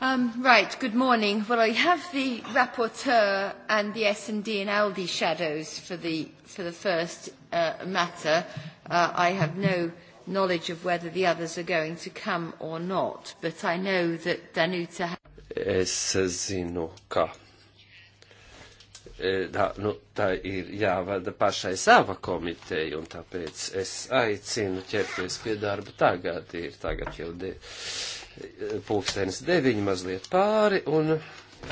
Um, right, good morning. Well, I have the rapporteur and the S&D and ALDI shadows for the, for the first uh, matter. Uh, I have no knowledge of whether the others are going to come or not, but I know that Danuta... Es zinu, ka tā, nu, tā ir jāvada pašai sava komiteja, un tāpēc es aicinu ķerties pie darba tagad, ir tagad jau... De pulkstenis deviņi mazliet pāri, un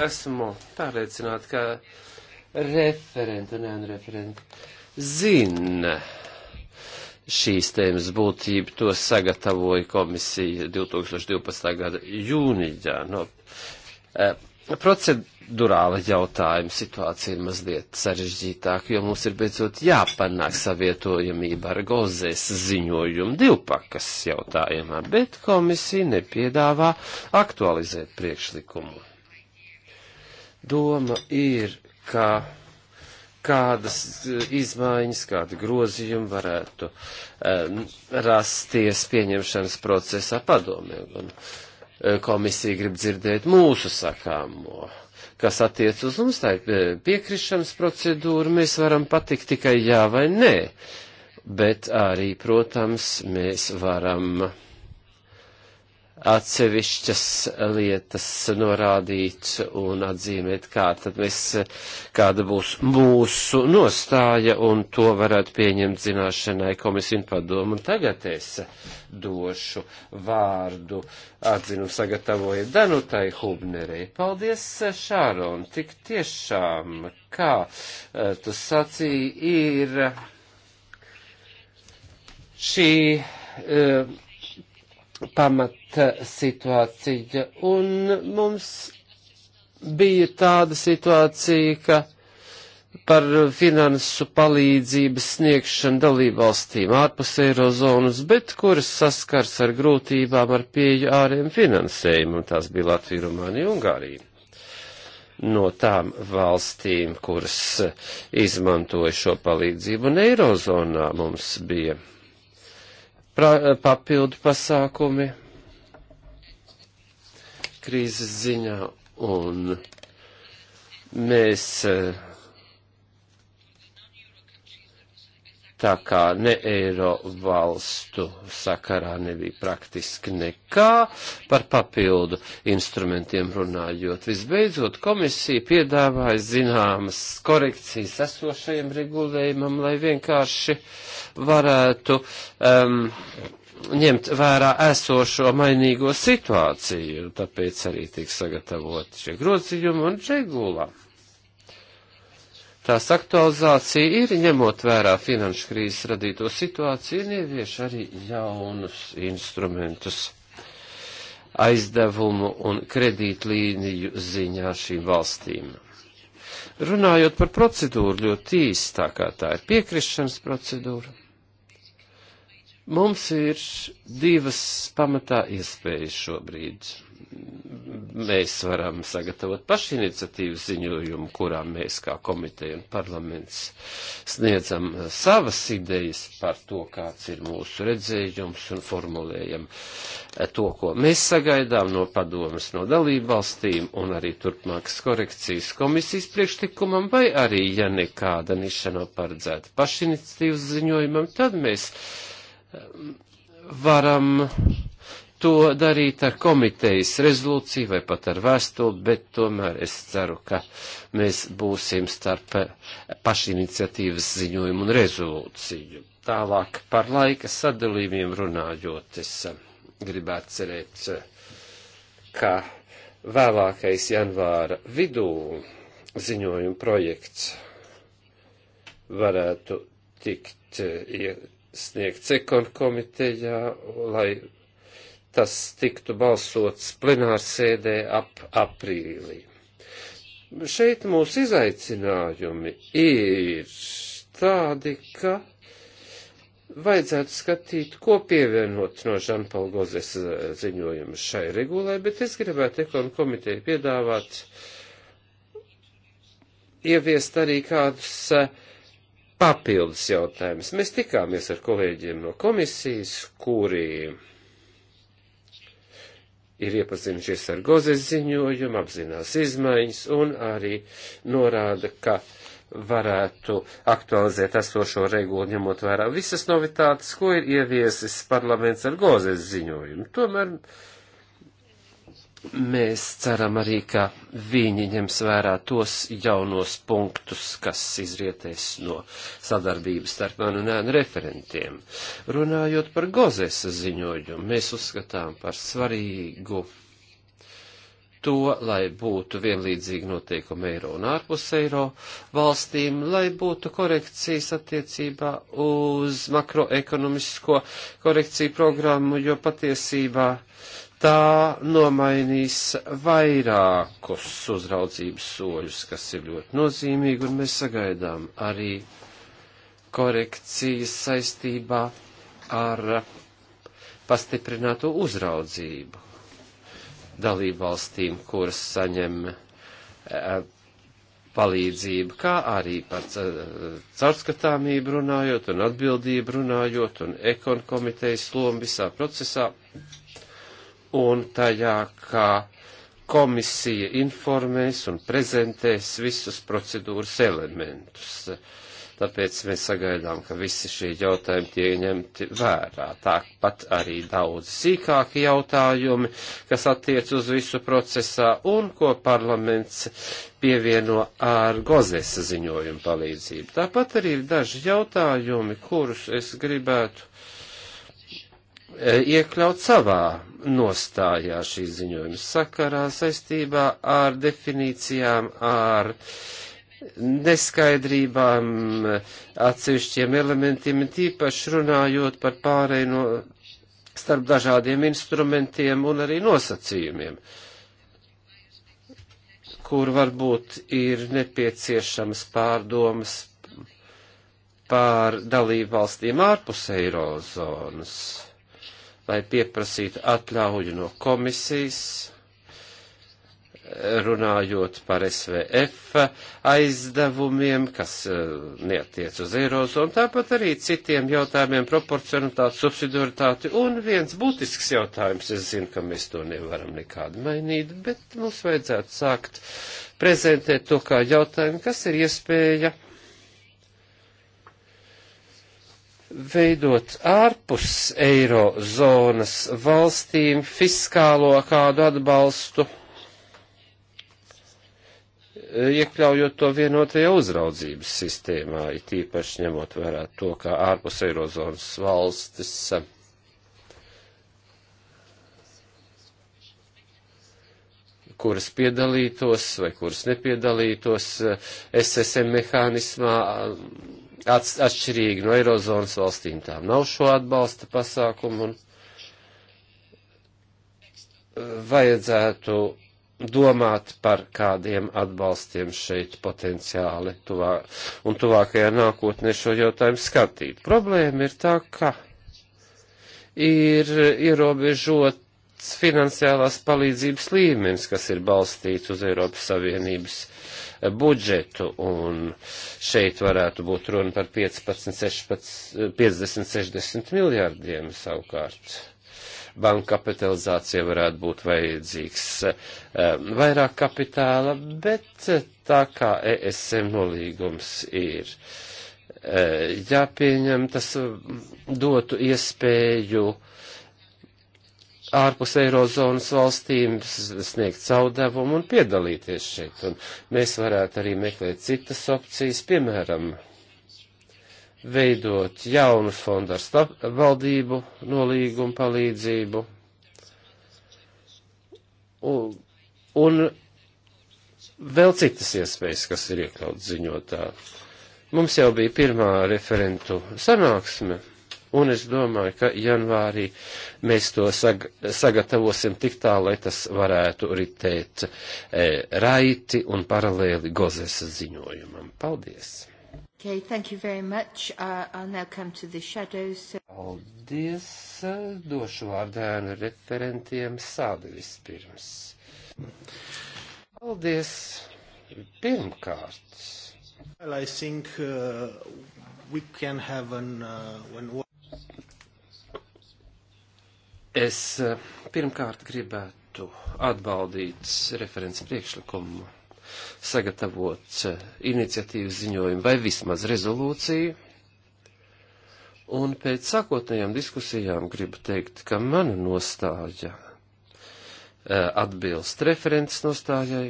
esmu pārliecināti, ka referenti un nereferenti zina šīs tēmas būtību. To sagatavoja komisija 2012. gada jūnijā. No, eh, procedurāla jautājuma situācija ir mazliet sarežģītāka, jo mums ir beidzot jāpanāk savietojamība ar gozēs ziņojumu divpakas jautājumā, bet komisija nepiedāvā aktualizēt priekšlikumu. Doma ir, ka kādas izmaiņas, kādi grozījumi varētu um, rasties pieņemšanas procesā padomē. Un, uh, Eh, komisija grib dzirdēt mūsu sakāmo. Kas attiec uz mums, tā ir eh, piekrišanas procedūra, mēs varam patikt tikai jā vai nē, bet arī, protams, mēs varam atsevišķas lietas norādīt un atzīmēt, kā tad mēs, kāda būs mūsu nostāja, un to varētu pieņemt zināšanai komisiju un padomu. Un tagad es došu vārdu atzinu sagatavoju Danutai Hubnerei. Paldies, Šāron, tik tiešām, kā eh, tu sacīji, ir eh, šī. Uh, pamata situācija. Un mums bija tāda situācija, ka par finansu palīdzības sniegšanu dalībvalstīm ārpus eirozonas, bet kuras saskars ar grūtībām ar pieju āriem finansējumu, un tās bija Latvija, Rumānija, Ungārija. No tām valstīm, kuras izmantoja šo palīdzību, un eirozonā mums bija pra, papildu pasākumi krīzes ziņā un mēs uh, tā kā ne eiro valstu sakarā nebija praktiski nekā par papildu instrumentiem runājot. Visbeidzot, komisija piedāvāja zināmas korekcijas esošajam regulējumam, lai vienkārši varētu um, ņemt vērā esošo mainīgo situāciju, tāpēc arī tiek sagatavoti šie grozījumi un regulāri Tās aktualizācija ir ņemot vērā finanšu krīzes radīto situāciju un ievieš arī jaunus instrumentus aizdevumu un kredītlīniju ziņā šīm valstīm. Runājot par procedūru ļoti īsti, tā kā tā ir piekrišanas procedūra, mums ir divas pamatā iespējas šobrīd mēs varam sagatavot pašiniciatīvu ziņojumu, kurā mēs kā komiteja un parlaments sniedzam savas idejas par to, kāds ir mūsu redzējums un formulējam to, ko mēs sagaidām no padomas no dalību valstīm un arī turpmākas korekcijas komisijas priekšlikumam, vai arī, ja nekāda niša nav paredzēta pašiniciatīvas ziņojumam, tad mēs um, varam to darīt ar komitejas rezolūciju vai pat ar vēstuli, bet tomēr es ceru, ka mēs būsim starp pašiniciatīvas ziņojumu un rezolūciju. Tālāk par laika sadalījumiem runājot, es eh, gribētu cerēt, eh, ka vēlākais janvāra vidū ziņojuma projekts varētu tikt eh, iesniegts ekon komitejā, lai tas tiktu balsots plenārsēdē ap aprīlī. Šeit mūsu izaicinājumi ir tādi, ka vajadzētu skatīt, ko pievienot no Žanpaul Gozes eh, ziņojuma šai regulai, bet es gribētu ekonu komiteju piedāvāt ieviest arī kādus uh, papildus jautājums. Mēs tikāmies ar kolēģiem no komisijas, kuri ir iepazinušies ar gozes ziņojumu, apzinās izmaiņas un arī norāda, ka varētu aktualizēt esošo regulu, ņemot vērā visas novitātes, ko ir ieviesis parlaments ar gozes ziņojumu. Tomēr Mēs ceram arī, ka viņi ņems vērā tos jaunos punktus, kas izrietēs no sadarbības starp manu un ēnu referentiem. Runājot par Gozesa ziņojumu, mēs uzskatām par svarīgu to, lai būtu vienlīdzīgi noteikumi eiro un ārpus eiro valstīm, lai būtu korekcijas attiecībā uz makroekonomisko korekciju programmu, jo patiesībā tā nomainīs vairākus uzraudzības soļus, kas ir ļoti nozīmīgi, un mēs sagaidām arī korekcijas saistībā ar pastiprināto uzraudzību dalību valstīm, kuras saņem eh, palīdzību, kā arī par eh, caurskatāmību runājot un atbildību runājot un ekon komitejas lomu visā procesā un tajā, kā komisija informēs un prezentēs visus procedūras elementus. Tāpēc mēs sagaidām, ka visi šie jautājumi tiek ņemti vērā. Tāpat arī daudz sīkāki jautājumi, kas attiec uz visu procesā un ko parlaments pievieno ar gozēsa ziņojumu palīdzību. Tāpat arī ir daži jautājumi, kurus es gribētu E, iekļaut savā nostājā šī ziņojuma sakarā saistībā ar definīcijām, ar neskaidrībām, atsevišķiem elementiem, tīpaši runājot par pārēju no starp dažādiem instrumentiem un arī nosacījumiem, kur varbūt ir nepieciešams pārdomas pār dalību valstīm ārpus eirozonas lai pieprasītu atļauju no komisijas, runājot par SVF aizdevumiem, kas eh, neatiec uz eirozonu, tāpat arī citiem jautājumiem - proporcionalitāte, subsidioritāte. Un viens būtisks jautājums, es zinu, ka mēs to nevaram nekādi mainīt, bet mums vajadzētu sākt prezentēt to kā jautājumu, kas ir iespēja veidot ārpus eirozonas valstīm fiskālo kādu atbalstu, iekļaujot to vienotajā uzraudzības sistēmā, it īpaši ņemot vērā to, kā ārpus eirozonas valstis kuras piedalītos vai kuras nepiedalītos SSM mehānismā atšķirīgi no Eirozonas valstīm. Tām nav šo atbalsta pasākumu un e, vajadzētu domāt par kādiem atbalstiem šeit potenciāli tuvā, un tuvākajā nākotnē šo jautājumu skatīt. Problēma ir tā, ka ir ierobežot finansiālās palīdzības līmenis, kas ir balstīts uz Eiropas Savienības eh, budžetu, un šeit varētu būt runa par 15, 16, 50, 60 miljārdiem savukārt. Banka kapitalizācija varētu būt vajadzīgs eh, vairāk kapitāla, bet tā kā ESM nolīgums ir eh, jāpieņem, tas dotu iespēju ārpus Eirozonas valstīm sniegt caudevumu un piedalīties šeit. Un mēs varētu arī meklēt citas opcijas, piemēram, veidot jaunu fondu ar valdību nolīgumu palīdzību. Un, un vēl citas iespējas, kas ir iekļauts ziņotā. Mums jau bija pirmā referentu sanāksme Un es domāju, ka janvārī mēs to sag sagatavosim tik tā, lai tas varētu ritēt e, raiti un paralēli Gozes ziņojumam. Paldies! Okay, thank you very much. Uh, I'll now come to the shadows. So... Paldies! Došu vārdēnu referentiem sādi vispirms. Paldies! Pirmkārt. Well, I think, uh, we can have an, uh, an... Es eh, pirmkārt gribētu atbaldīt referents priekšlikumu, sagatavot eh, iniciatīvas ziņojumu vai vismaz rezolūciju. Un pēc sākotnējām diskusijām gribu teikt, ka mana nostāja eh, atbilst referents nostājai,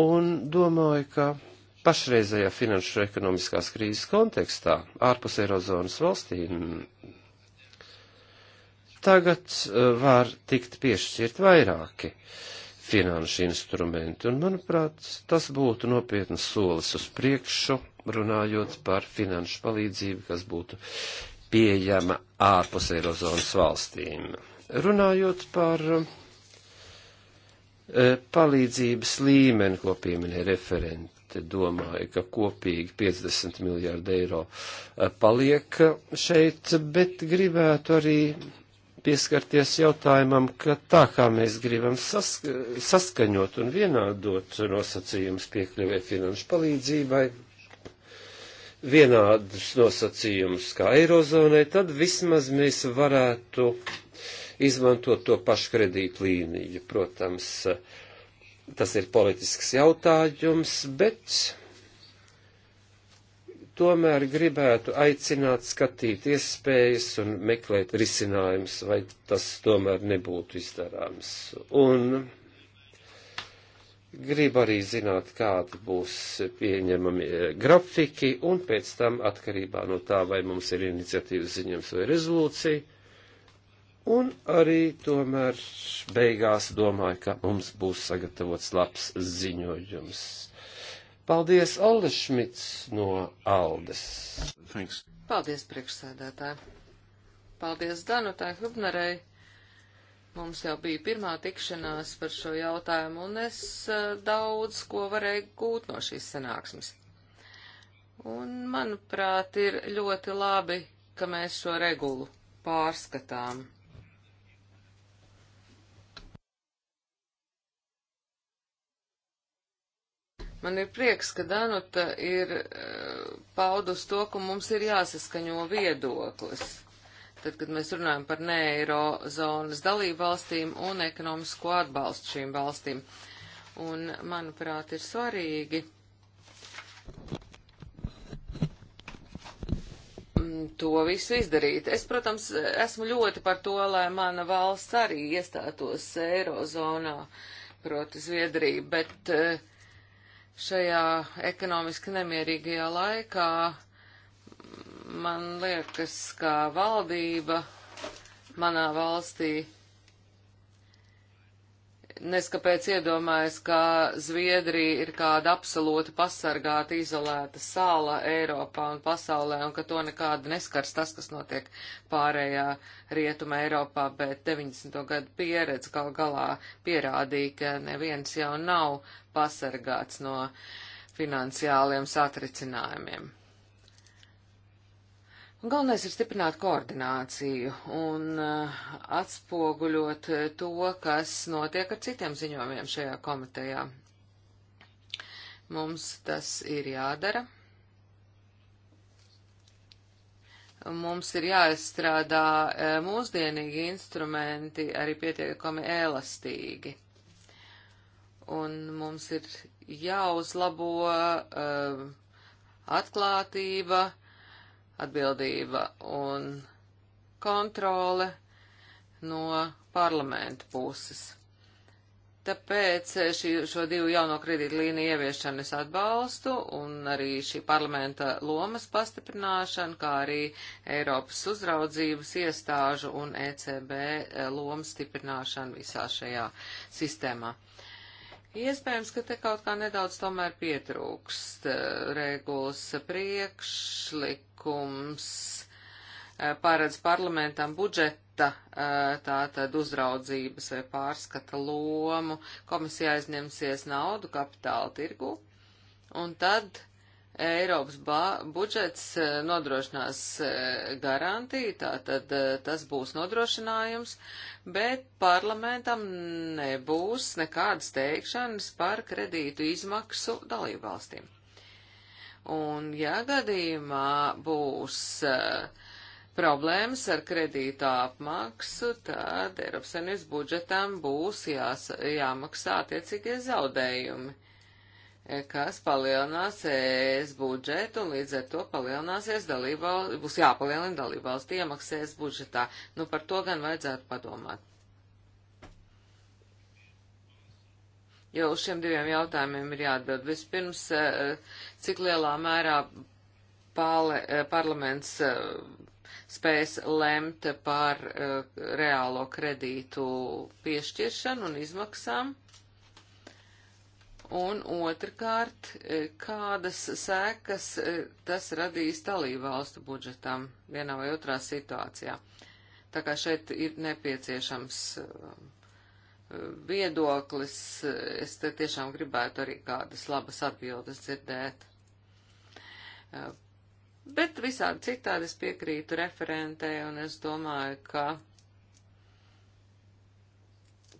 un domāju, ka pašreizējā finanšu ekonomiskās krīzes kontekstā ārpus Eirozonas valstīm tagad eh, var tikt piešķirt vairāki finanšu instrumenti, un, manuprāt, tas būtu nopietnas solis uz priekšu, runājot par finanšu palīdzību, kas būtu pieejama ārpus Eirozonas valstīm. Runājot par eh, palīdzības līmeni, ko pieminēja referente, domāju, ka kopīgi 50 miljārdi eiro eh, paliek šeit, bet gribētu arī pieskarties jautājumam, ka tā kā mēs gribam saska saskaņot un vienādot nosacījumus piekļuvē finanšu palīdzībai, vienādus nosacījumus kā Eirozonai, tad vismaz mēs varētu izmantot to pašu kredītu līniju. Protams, tas ir politisks jautājums, bet tomēr gribētu aicināt skatīt iespējas un meklēt risinājumus, vai tas tomēr nebūtu izdarāms. Un gribu arī zināt, kādi būs pieņemami e, grafiki, un pēc tam atkarībā no tā, vai mums ir iniciatīvas ziņams vai rezolūcija. Un arī tomēr beigās domāju, ka mums būs sagatavots labs ziņojums. Paldies, Olle Šmits no Aldes. Thanks. Paldies, priekšsēdētāji. Paldies Danutai Hubnerei. Mums jau bija pirmā tikšanās par šo jautājumu, un es eh, daudz ko varēju gūt no šīs sanāksmes. Un, manuprāt, ir ļoti labi, ka mēs šo regulu pārskatām. Man ir prieks, ka Danuta ir e, paudus to, ka mums ir jāsaskaņo viedoklis. Tad, kad mēs runājam par neirozonas dalību valstīm un ekonomisko atbalstu šīm valstīm. Un, manuprāt, ir svarīgi mm, to visu izdarīt. Es, protams, esmu ļoti par to, lai mana valsts arī iestātos Eirozonā, proti Zviedrija, bet uh, šajā ekonomiski nemierīgajā laikā man liekas, ka valdība manā valstī neskapēc iedomājas, ka Zviedrija ir kāda absolūti pasargāta, izolēta sāla Eiropā un pasaulē, un ka to nekāda neskars tas, kas notiek pārējā rietuma Eiropā, bet 90. gadu pieredze gal galā pierādīja, ka neviens jau nav pasargāts no finansiāliem satricinājumiem. Un galvenais ir stiprināt koordināciju un eh, atspoguļot eh, to, kas notiek ar citiem ziņojumiem šajā komitejā. Mums tas ir jādara. Mums ir jāizstrādā eh, mūsdienīgi instrumenti arī pietiekami elastīgi. Un mums ir jāuzlabo uh, atklātība, uh, atbildība un kontrole no parlamenta puses. Tāpēc šī, šo divu jauno kredītu līniju ieviešanu es atbalstu un arī šī parlamenta lomas pastiprināšanu, kā arī Eiropas uzraudzības iestāžu un ECB eh, lomas stiprināšanu visā šajā sistēmā. Uh, Iespējams, ka te kaut kā nedaudz tomēr pietrūkst eh, regulas priekšlikums eh, paredz parlamentam budžeta eh, tātad uzraudzības vai pārskata lomu, komisija aizņemsies naudu kapitāla tirgu, un tad uh, Eiropas budžets e, nodrošinās e, garantiju, tātad e, tas būs nodrošinājums, bet parlamentam nebūs nekādas teikšanas par kredītu izmaksu dalībvalstīm. Un, ja gadījumā būs problēmas ar kredītā apmaksu, tad Eiropas Savienības budžetam būs jās, jāmaksā attiecīgie zaudējumi kas palielinās ES budžetu, un līdz ar to palielināsies dalībvalsts, būs jāpalielina dalībvalsts iemaksas budžetā. Nu, par to gan vajadzētu padomāt. Jo uz šiem diviem jautājumiem ir jāatbild. Vispirms, eh, cik lielā mērā pāle, eh, parlaments eh, spēs lemt par reālo kredītu piešķiršanu un izmaksām? Un otrkārt, e, kādas sēkas e, tas radīs dalībvalstu budžetam vienā vai otrā situācijā. Tā kā šeit ir nepieciešams e, viedoklis, es te tiešām gribētu arī kādas labas atbildes dzirdēt. Bet visādi citādi es piekrītu referentē, un es domāju, ka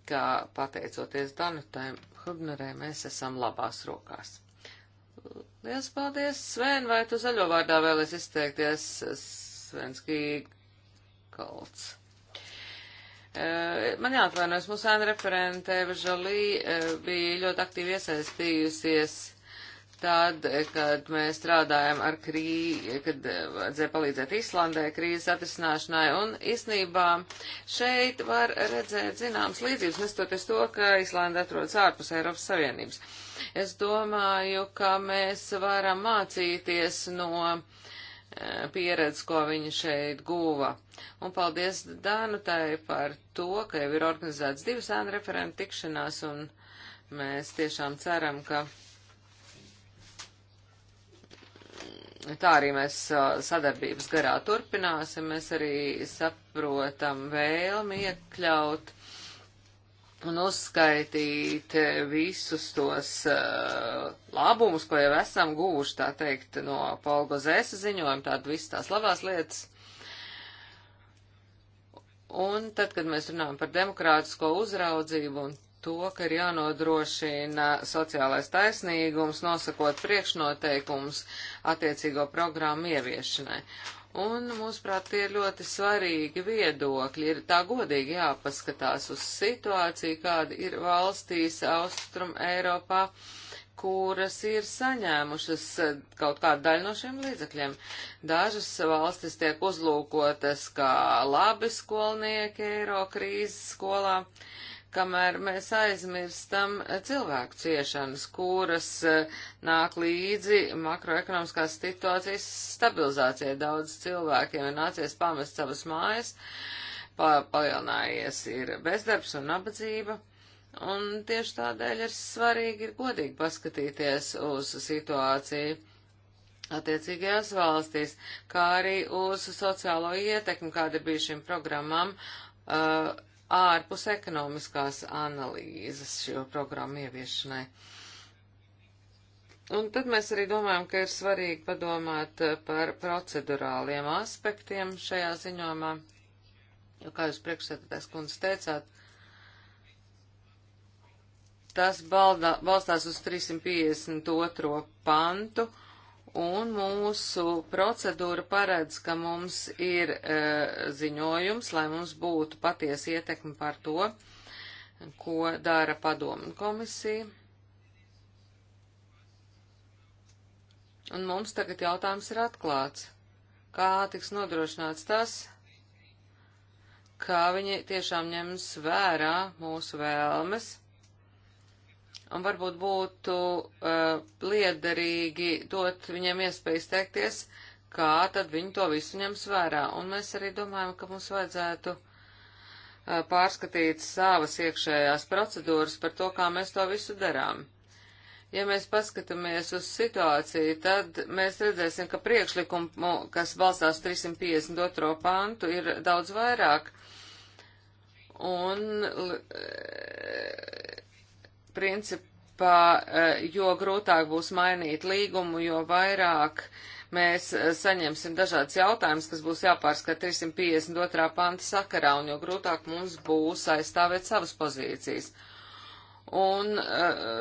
ka pateicoties Danutai Hubnerē mēs esam labās rokās. Liels paldies, Sven, vai tu zaļo vārdā vēlies izteikties? Svenskī Kalts. E, man jāatvainojas, mūsu ēna referente Eva Žalī e, bija ļoti aktīvi iesaistījusies Tad, kad mēs strādājam ar krīzi, kad eh, vajadzēja palīdzēt Islandē krīzes atrisināšanai, un īsnībā šeit var redzēt zināmas līdzības, nestoties to, ka Islanda atrodas ārpus Eiropas Savienības. Es domāju, ka mēs varam mācīties no eh, pieredzi, ko viņa šeit guva. Un paldies Dānutai par to, ka jau ir organizēts divas ēnu referentu tikšanās, un mēs tiešām ceram, ka tā arī mēs sadarbības garā turpināsim. Mēs arī saprotam vēlmi iekļaut un uzskaitīt visus tos uh, labumus, ko jau esam guvuši, tā teikt, no Polgozēsa ziņojuma, tātad visas tās labās lietas. Un tad, kad mēs runājam par demokrātisko uzraudzību un to, ka ir jānodrošina sociālais taisnīgums, nosakot priekšnoteikums attiecīgo programmu ieviešanai. Un, mūsuprāt, tie ir ļoti svarīgi viedokļi. Ir tā godīgi jāpaskatās uz situāciju, kāda ir valstīs Austrum Eiropā, kuras ir saņēmušas kaut kādu daļu no šiem līdzekļiem. Dažas valstis tiek uzlūkotas kā labi skolnieki Eiro krīzes skolā. Uh, kamēr mēs aizmirstam cilvēku ciešanas, kuras eh, nāk līdzi makroekonomiskās situācijas stabilizācijai. Daudz cilvēkiem ir nācies pamest savas mājas, pa, palielinājies ir bezdarbs un nabadzība. Un tieši tādēļ ir svarīgi ir godīgi paskatīties uz situāciju attiecīgajās valstīs, kā arī uz sociālo ietekmi, kāda bija šīm programmām. Uh, ārpus ekonomiskās analīzes šo programmu ieviešanai. Un tad mēs arī domājam, ka ir svarīgi padomāt eh, par procedurāliem aspektiem šajā ziņojumā, jo, kā jūs priekšsēdētājs kundze teicāt, tas balda, balstās uz 352. pantu un mūsu procedūra paredz, ka mums ir e, ziņojums, lai mums būtu patiesa ietekme par to, ko dara padomu komisija. Un mums tagad jautājums ir atklāts. Kā tiks nodrošināts tas, kā viņi tiešām ņems vērā mūsu vēlmes un varbūt būtu uh, liederīgi dot viņiem iespēju izteikties, kā tad viņi to visu ņems vērā. Un mēs arī domājam, ka mums vajadzētu uh, pārskatīt savas iekšējās procedūras par to, kā mēs to visu darām. Ja mēs paskatāmies uz situāciju, tad mēs redzēsim, ka priekšlikumu, kas balstās 352. pantu, ir daudz vairāk. Un principā, e, jo grūtāk būs mainīt līgumu, jo vairāk mēs e, saņemsim dažādas jautājumas, kas būs jāpārskat 352. panta sakarā, un jo grūtāk mums būs aizstāvēt savas pozīcijas. Un e,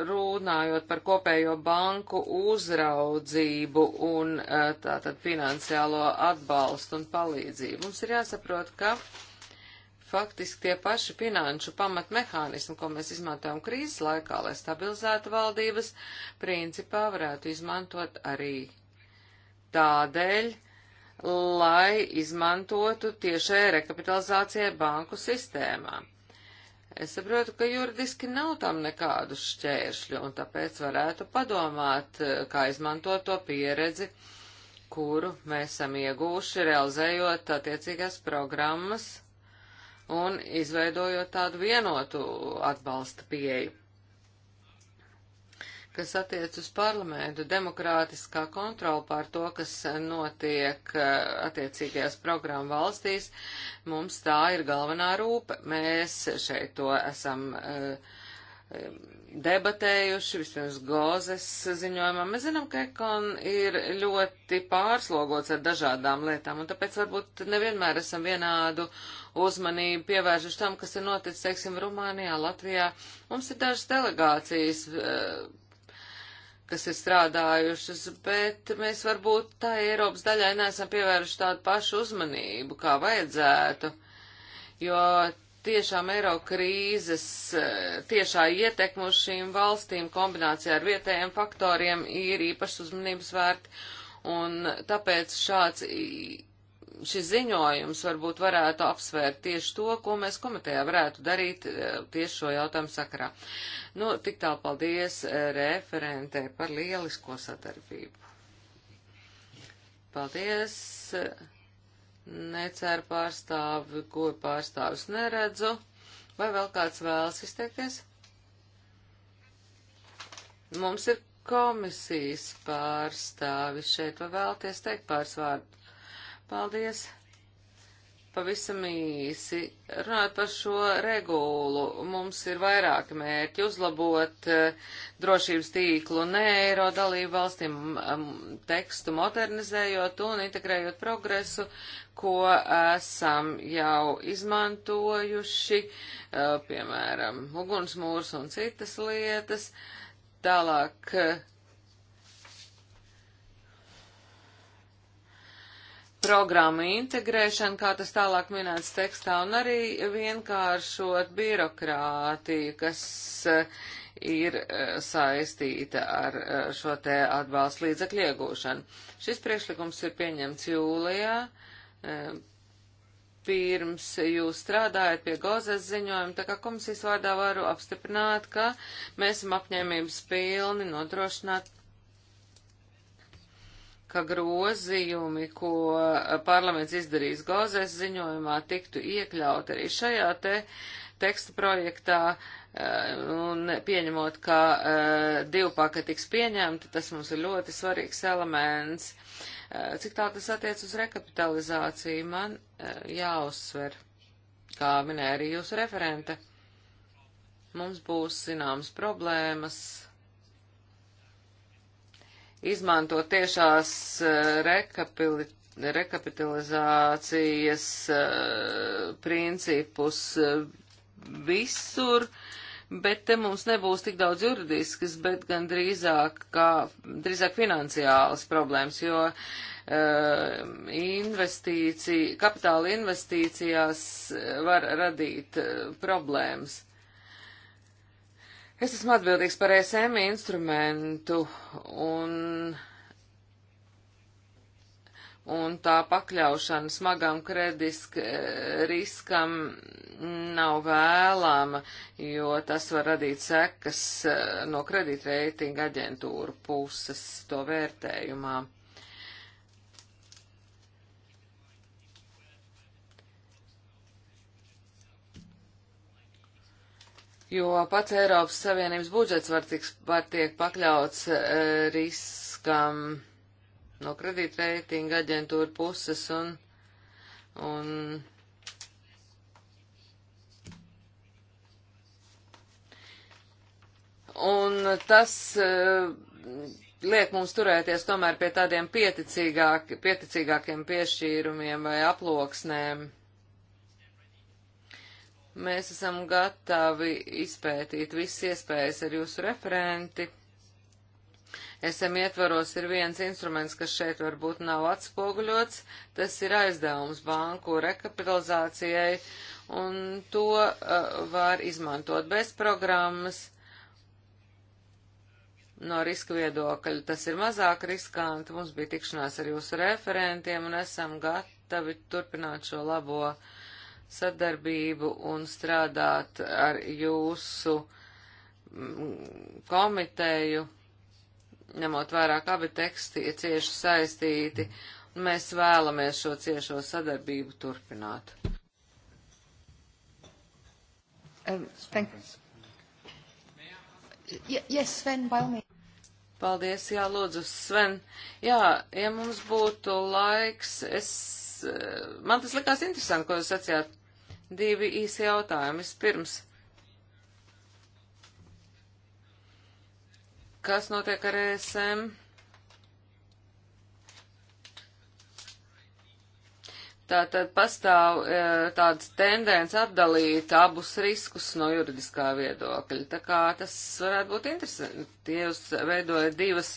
runājot par kopējo banku uzraudzību un tātad finansiālo atbalstu un palīdzību, mums ir jāsaprot, ka faktiski tie paši finanšu pamatmehānismi, ko mēs izmantojam krīzes laikā, lai stabilizētu valdības, principā varētu izmantot arī tādēļ, lai izmantotu tiešai rekapitalizācijai banku sistēmā. Es saprotu, ka juridiski nav tam nekādu šķēršļu, un tāpēc varētu padomāt, eh, kā izmantot to pieredzi, kuru mēs esam iegūši, realizējot attiecīgās programmas un izveidojot tādu vienotu atbalsta pieeju. Kas attiec uz parlamentu, demokrātiskā kontrola pār to, kas notiek eh, attiecīgajās programmu valstīs, mums tā ir galvenā rūpe. Mēs šeit to esam eh, debatējuši, vispirms Gozes ziņojumā. Mēs zinām, ka Ekon ir ļoti pārslogots ar dažādām lietām, un tāpēc varbūt nevienmēr esam vienādu uzmanību pievēršuši tam, kas ir noticis, teiksim, Rumānijā, Latvijā. Mums ir dažas delegācijas, eh, kas ir strādājušas, bet mēs varbūt tā Eiropas daļai neesam pievērši tādu pašu uzmanību, kā vajadzētu, jo tiešām eiro krīzes eh, tiešā ietekme uz šīm valstīm kombinācijā ar vietējiem faktoriem ir īpašas uzmanības vērti, un tāpēc šāds šis ziņojums varbūt varētu apsvērt tieši to, ko mēs komitejā varētu darīt e, tieši šo jautājumu sakarā. Nu, tik tālu paldies e, referentē par lielisko sadarbību. Paldies. Necēru pārstāvi, ko pārstāvis neredzu. Vai vēl kāds vēlas izteikties? Mums ir komisijas pārstāvis šeit, vai vēlaties teikt pāris vārdu? Paldies! Pavisam īsi. Runājot par šo regulu, mums ir vairāki mērķi - uzlabot eh, drošības tīklu ne eiro dalību valstīm, mm, mm, tekstu modernizējot un integrējot progresu, ko esam jau izmantojuši, eh, piemēram, ugunsmūrs un citas lietas. Tālāk eh, programmu integrēšanu, kā tas tālāk minēts tekstā, un arī vienkāršot birokrātiju, kas eh, ir eh, saistīta ar eh, šo te atbalstu līdzekļu iegūšanu. Šis priekšlikums ir pieņemts jūlijā. Pirms jūs strādājat pie gozes ziņojuma, tā kā komisijas vārdā varu apstiprināt, ka mēs esam apņēmības pilni nodrošināt ka grozījumi, ko parlaments izdarīs Gozes ziņojumā, tiktu iekļaut arī šajā te teksta projektā, eh, un pieņemot, ka eh, divpaka tiks pieņemta, tas mums ir ļoti svarīgs elements. Eh, cik tā tas attiec uz rekapitalizāciju, man jāuzsver, kā minēja arī jūsu referente. Mums būs zināmas problēmas izmantot tiešās eh, rekapili, rekapitalizācijas eh, principus eh, visur, bet te mums nebūs tik daudz juridiskas, bet gan drīzāk, kā, drīzāk finansiālas problēmas, jo investīcija, kapitāla investīcijās var radīt problēmas. Es esmu atbildīgs par ESM instrumentu un, un tā pakļaušana smagam kredisk riskam nav vēlama, jo tas var radīt sekas eh, no kredītreitinga aģentūra puses to vērtējumā. jo pats Eiropas Savienības budžets var, tiks, var tiek pakļauts uh, riskam no kredītreitinga aģentūra puses un, un un tas uh, liek mums turēties tomēr pie tādiem pieticīgāk, pieticīgākiem piešķīrumiem vai aploksnēm. Mēs esam gatavi izpētīt visas iespējas ar jūsu referenti. SM ietvaros ir viens instruments, kas šeit varbūt nav atspoguļots, tas ir aizdevums banku rekapitalizācijai, un to uh, var izmantot bez programmas. No riska viedokļa tas ir mazāk riskanti, mums bija tikšanās ar jūsu referentiem, un esam gatavi turpināt šo labo uh, sadarbību un strādāt ar jūsu mm, komiteju, ņemot vērā, ka abi teksti ir cieši saistīti, un mēs vēlamies šo ciešo sadarbību turpināt. Um, thank... yes, Sven, by all means. Paldies, jā, lūdzu, Sven. Jā, ja mums būtu laiks, es Eh, man tas likās interesanti, ko jūs sacījāt. Divi īsi jautājumi. Pirms, kas notiek ar ESM? Tātad pastāv eh, tāds tendence atdalīt abus riskus no juridiskā viedokļa. Tā kā tas varētu būt interesanti, ja jūs veidojat divas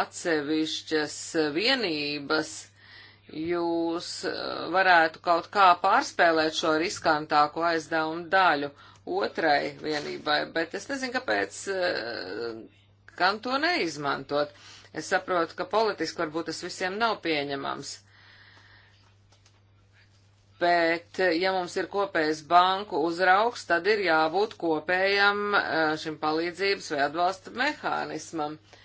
atsevišķas vienības jūs eh, varētu kaut kā pārspēlēt šo riskantāko aizdevumu daļu otrai vienībai, bet es nezinu, kāpēc gan eh, to neizmantot. Es saprotu, ka politiski varbūt tas visiem nav pieņemams. Bet, eh, ja mums ir kopējs banku uzraugs, tad ir jābūt kopējam šim palīdzības vai atbalsta mehānismam. Uh,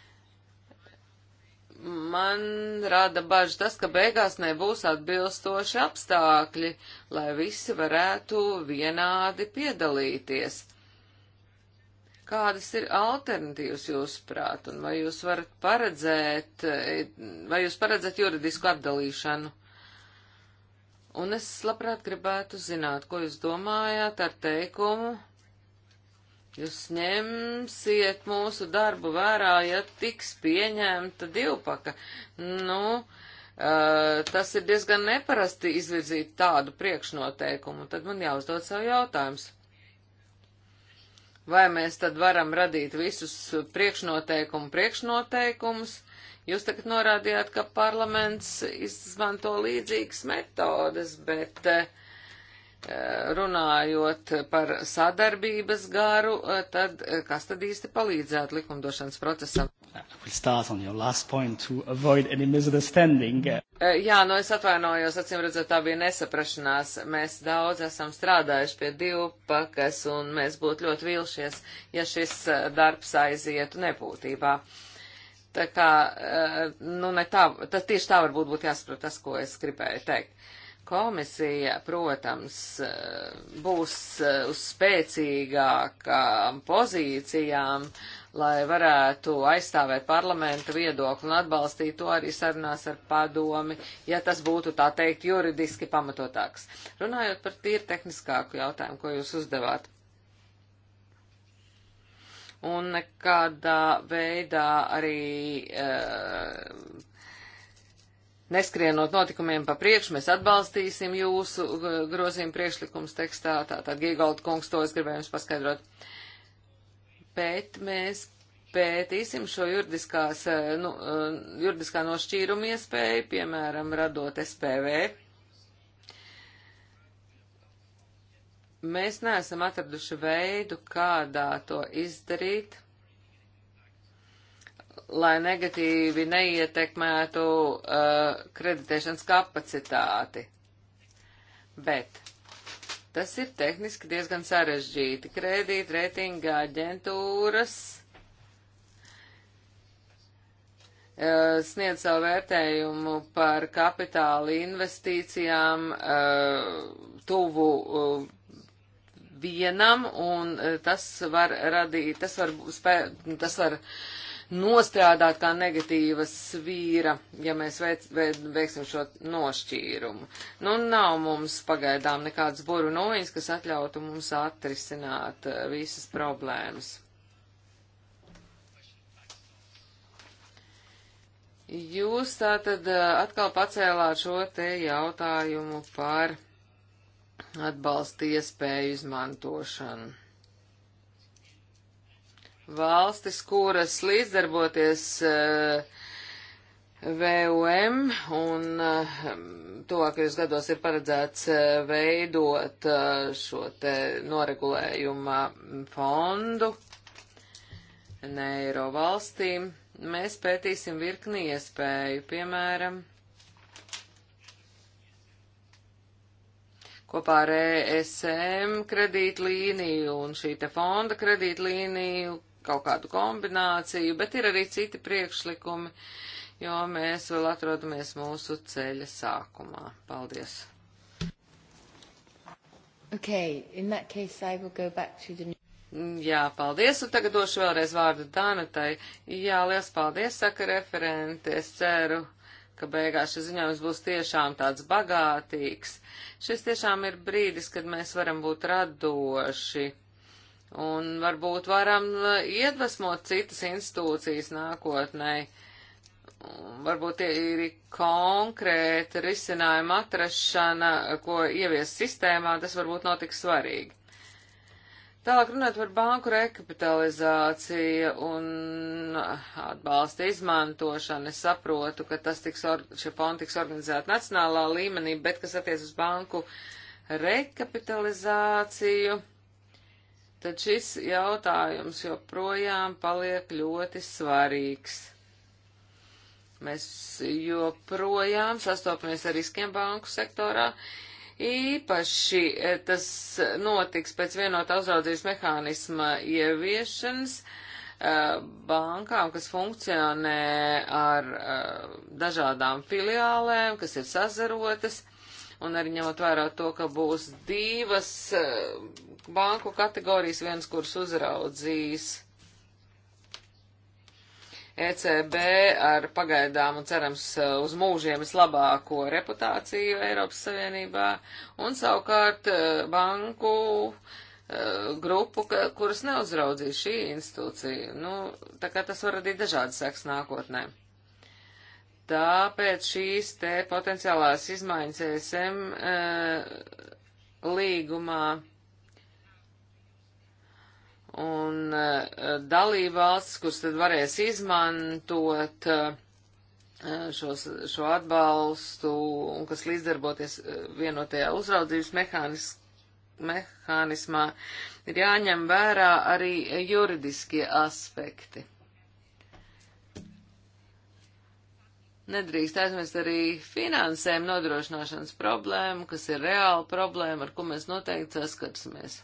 Man rada bažas tas, ka beigās nebūs atbilstoši apstākļi, lai visi varētu vienādi piedalīties. Kādas ir alternatīvas jūsuprāt, un vai jūs varat paredzēt, vai jūs paredzēt juridisku atdalīšanu? Un es labprāt gribētu zināt, ko jūs domājāt ar teikumu Jūs ņemsiet mūsu darbu vērā, ja tiks pieņemta divpaka. Nu, uh, tas ir diezgan neparasti izvirzīt tādu priekšnoteikumu. Tad man jāuzdod savu jautājumu. Vai mēs tad varam radīt visus priekšnoteikumu priekšnoteikumus? Jūs tagad norādījāt, ka parlaments izmanto līdzīgas metodas, bet uh, runājot par sadarbības garu, eh, tad eh, kas tad īsti palīdzētu likumdošanas procesam? Eh, jā, nu es atvainojos, acīm redzot, tā bija nesaprašanās. Mēs daudz esam strādājuši pie divpakas, un mēs būtu ļoti vīlušies, ja šis darbs aizietu nepūtībā. Tā kā, nu, ne tā, tas tieši tā varbūt būtu jāsaprot tas, ko es gribēju teikt. Uh, Komisija, protams, eh, būs eh, uz spēcīgākām pozīcijām, lai varētu aizstāvēt parlamenta viedokli un atbalstīt to arī sarunās ar padomi, ja tas būtu, tā teikt, juridiski pamatotāks. Runājot par tīri tehniskāku jautājumu, ko jūs uzdevāt. Un nekādā veidā arī e, neskrienot notikumiem pa priekšu, mēs atbalstīsim jūsu uh, grozījumu priekšlikums tekstā, tātad Gīgolda kungs to es gribēju jums paskaidrot. Bet mēs pētīsim šo juridiskās, uh, nu, uh, juridiskā nošķīruma iespēju, piemēram, radot SPV. Mēs neesam atraduši veidu, kādā to izdarīt lai negatīvi neietekmētu uh, kreditēšanas kapacitāti. Bet tas ir tehniski diezgan sarežģīti. Kredīt reitinga aģentūras uh, sniedz savu vērtējumu par kapitāla investīcijām uh, tuvu uh, vienam, un uh, tas var radīt, tas var, spē, tas var uh, nostrādāt kā negatīva svīra, ja mēs veic, veic, veiksim šo nošķīrumu. Nu, nav mums pagaidām nekāds buru noiņas, kas atļautu mums atrisināt eh, visas problēmas. Jūs tātad eh, atkal pacēlāt šo te jautājumu par atbalsta iespēju izmantošanu valstis, kuras līdzdarboties eh, VUM un eh, tuvākajos gados ir paredzēts eh, veidot šo te noregulējuma fondu neiro valstīm. Mēs pētīsim virkni iespēju, piemēram, kopā ar ESM kredītlīniju un šī te fonda kredītlīniju, kaut kādu kombināciju, bet ir arī citi priekšlikumi, jo mēs vēl atrodamies mūsu ceļa sākumā. Paldies! Okay, in that case I will go back to the... Mm, jā, paldies, un tagad došu vēlreiz vārdu Danatai. Jā, liels paldies, saka referente. Es ceru, ka beigās šis ziņojums būs tiešām tāds bagātīgs. Šis tiešām ir brīdis, kad mēs varam būt radoši un varbūt varam eh, iedvesmot citas institūcijas nākotnē. Varbūt ir konkrēta risinājuma atrašana, ko ievies sistēmā, tas varbūt notiks svarīgi. Tālāk runāt par banku rekapitalizāciju un atbalsta izmantošanu. Es saprotu, ka tas tiks, or, šie fondi tiks organizēti nacionālā līmenī, bet kas attiec uz banku rekapitalizāciju. Uh, tad šis jautājums joprojām paliek ļoti svarīgs. Mēs joprojām sastopamies ar riskiem banku sektorā. Īpaši eh, tas notiks pēc vienotā uzraudzības mehānisma ieviešanas eh, bankām, kas funkcionē ar eh, dažādām filiālēm, kas ir sazarotas, un arī ņemot vērā to, ka būs divas banku kategorijas, viens, kuras uzraudzīs ECB ar pagaidām un cerams eh, uz mūžiem vislabāko reputāciju Eiropas Savienībā, un savukārt eh, banku eh, grupu, kuras neuzraudzīs šī institūcija. Nu, tā kā tas var radīt dažādas seks nākotnē. Tāpēc šīs te potenciālās izmaiņas ESM līgumā un eh, dalībvalsts, kuras tad varēs izmantot eh, šos, šo atbalstu un kas līdzdarboties eh, vienotajā uzraudzības mehānis, mehānismā, ir jāņem vērā arī juridiskie aspekti. Nedrīkst aizmirst arī finansēm nodrošināšanas problēmu, kas ir reāla problēma, ar ko mēs noteikti saskatsimies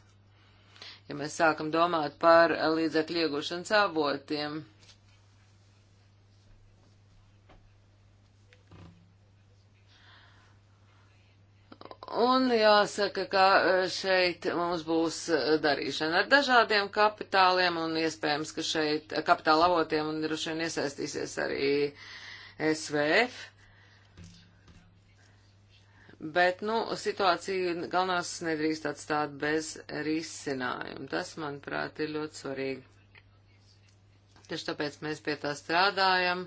ja mēs sākam domāt par līdzekļu iegūšanas avotiem. Un jāsaka, ka e, šeit mums būs e, darīšana ar dažādiem kapitāliem un iespējams, ka šeit e, kapitāla avotiem un droši vien iesaistīsies arī SVF. Bet, nu, situāciju galvenās nedrīkst atstāt bez risinājuma. Tas, manuprāt, ir ļoti svarīgi. Tieši tāpēc mēs pie tā strādājam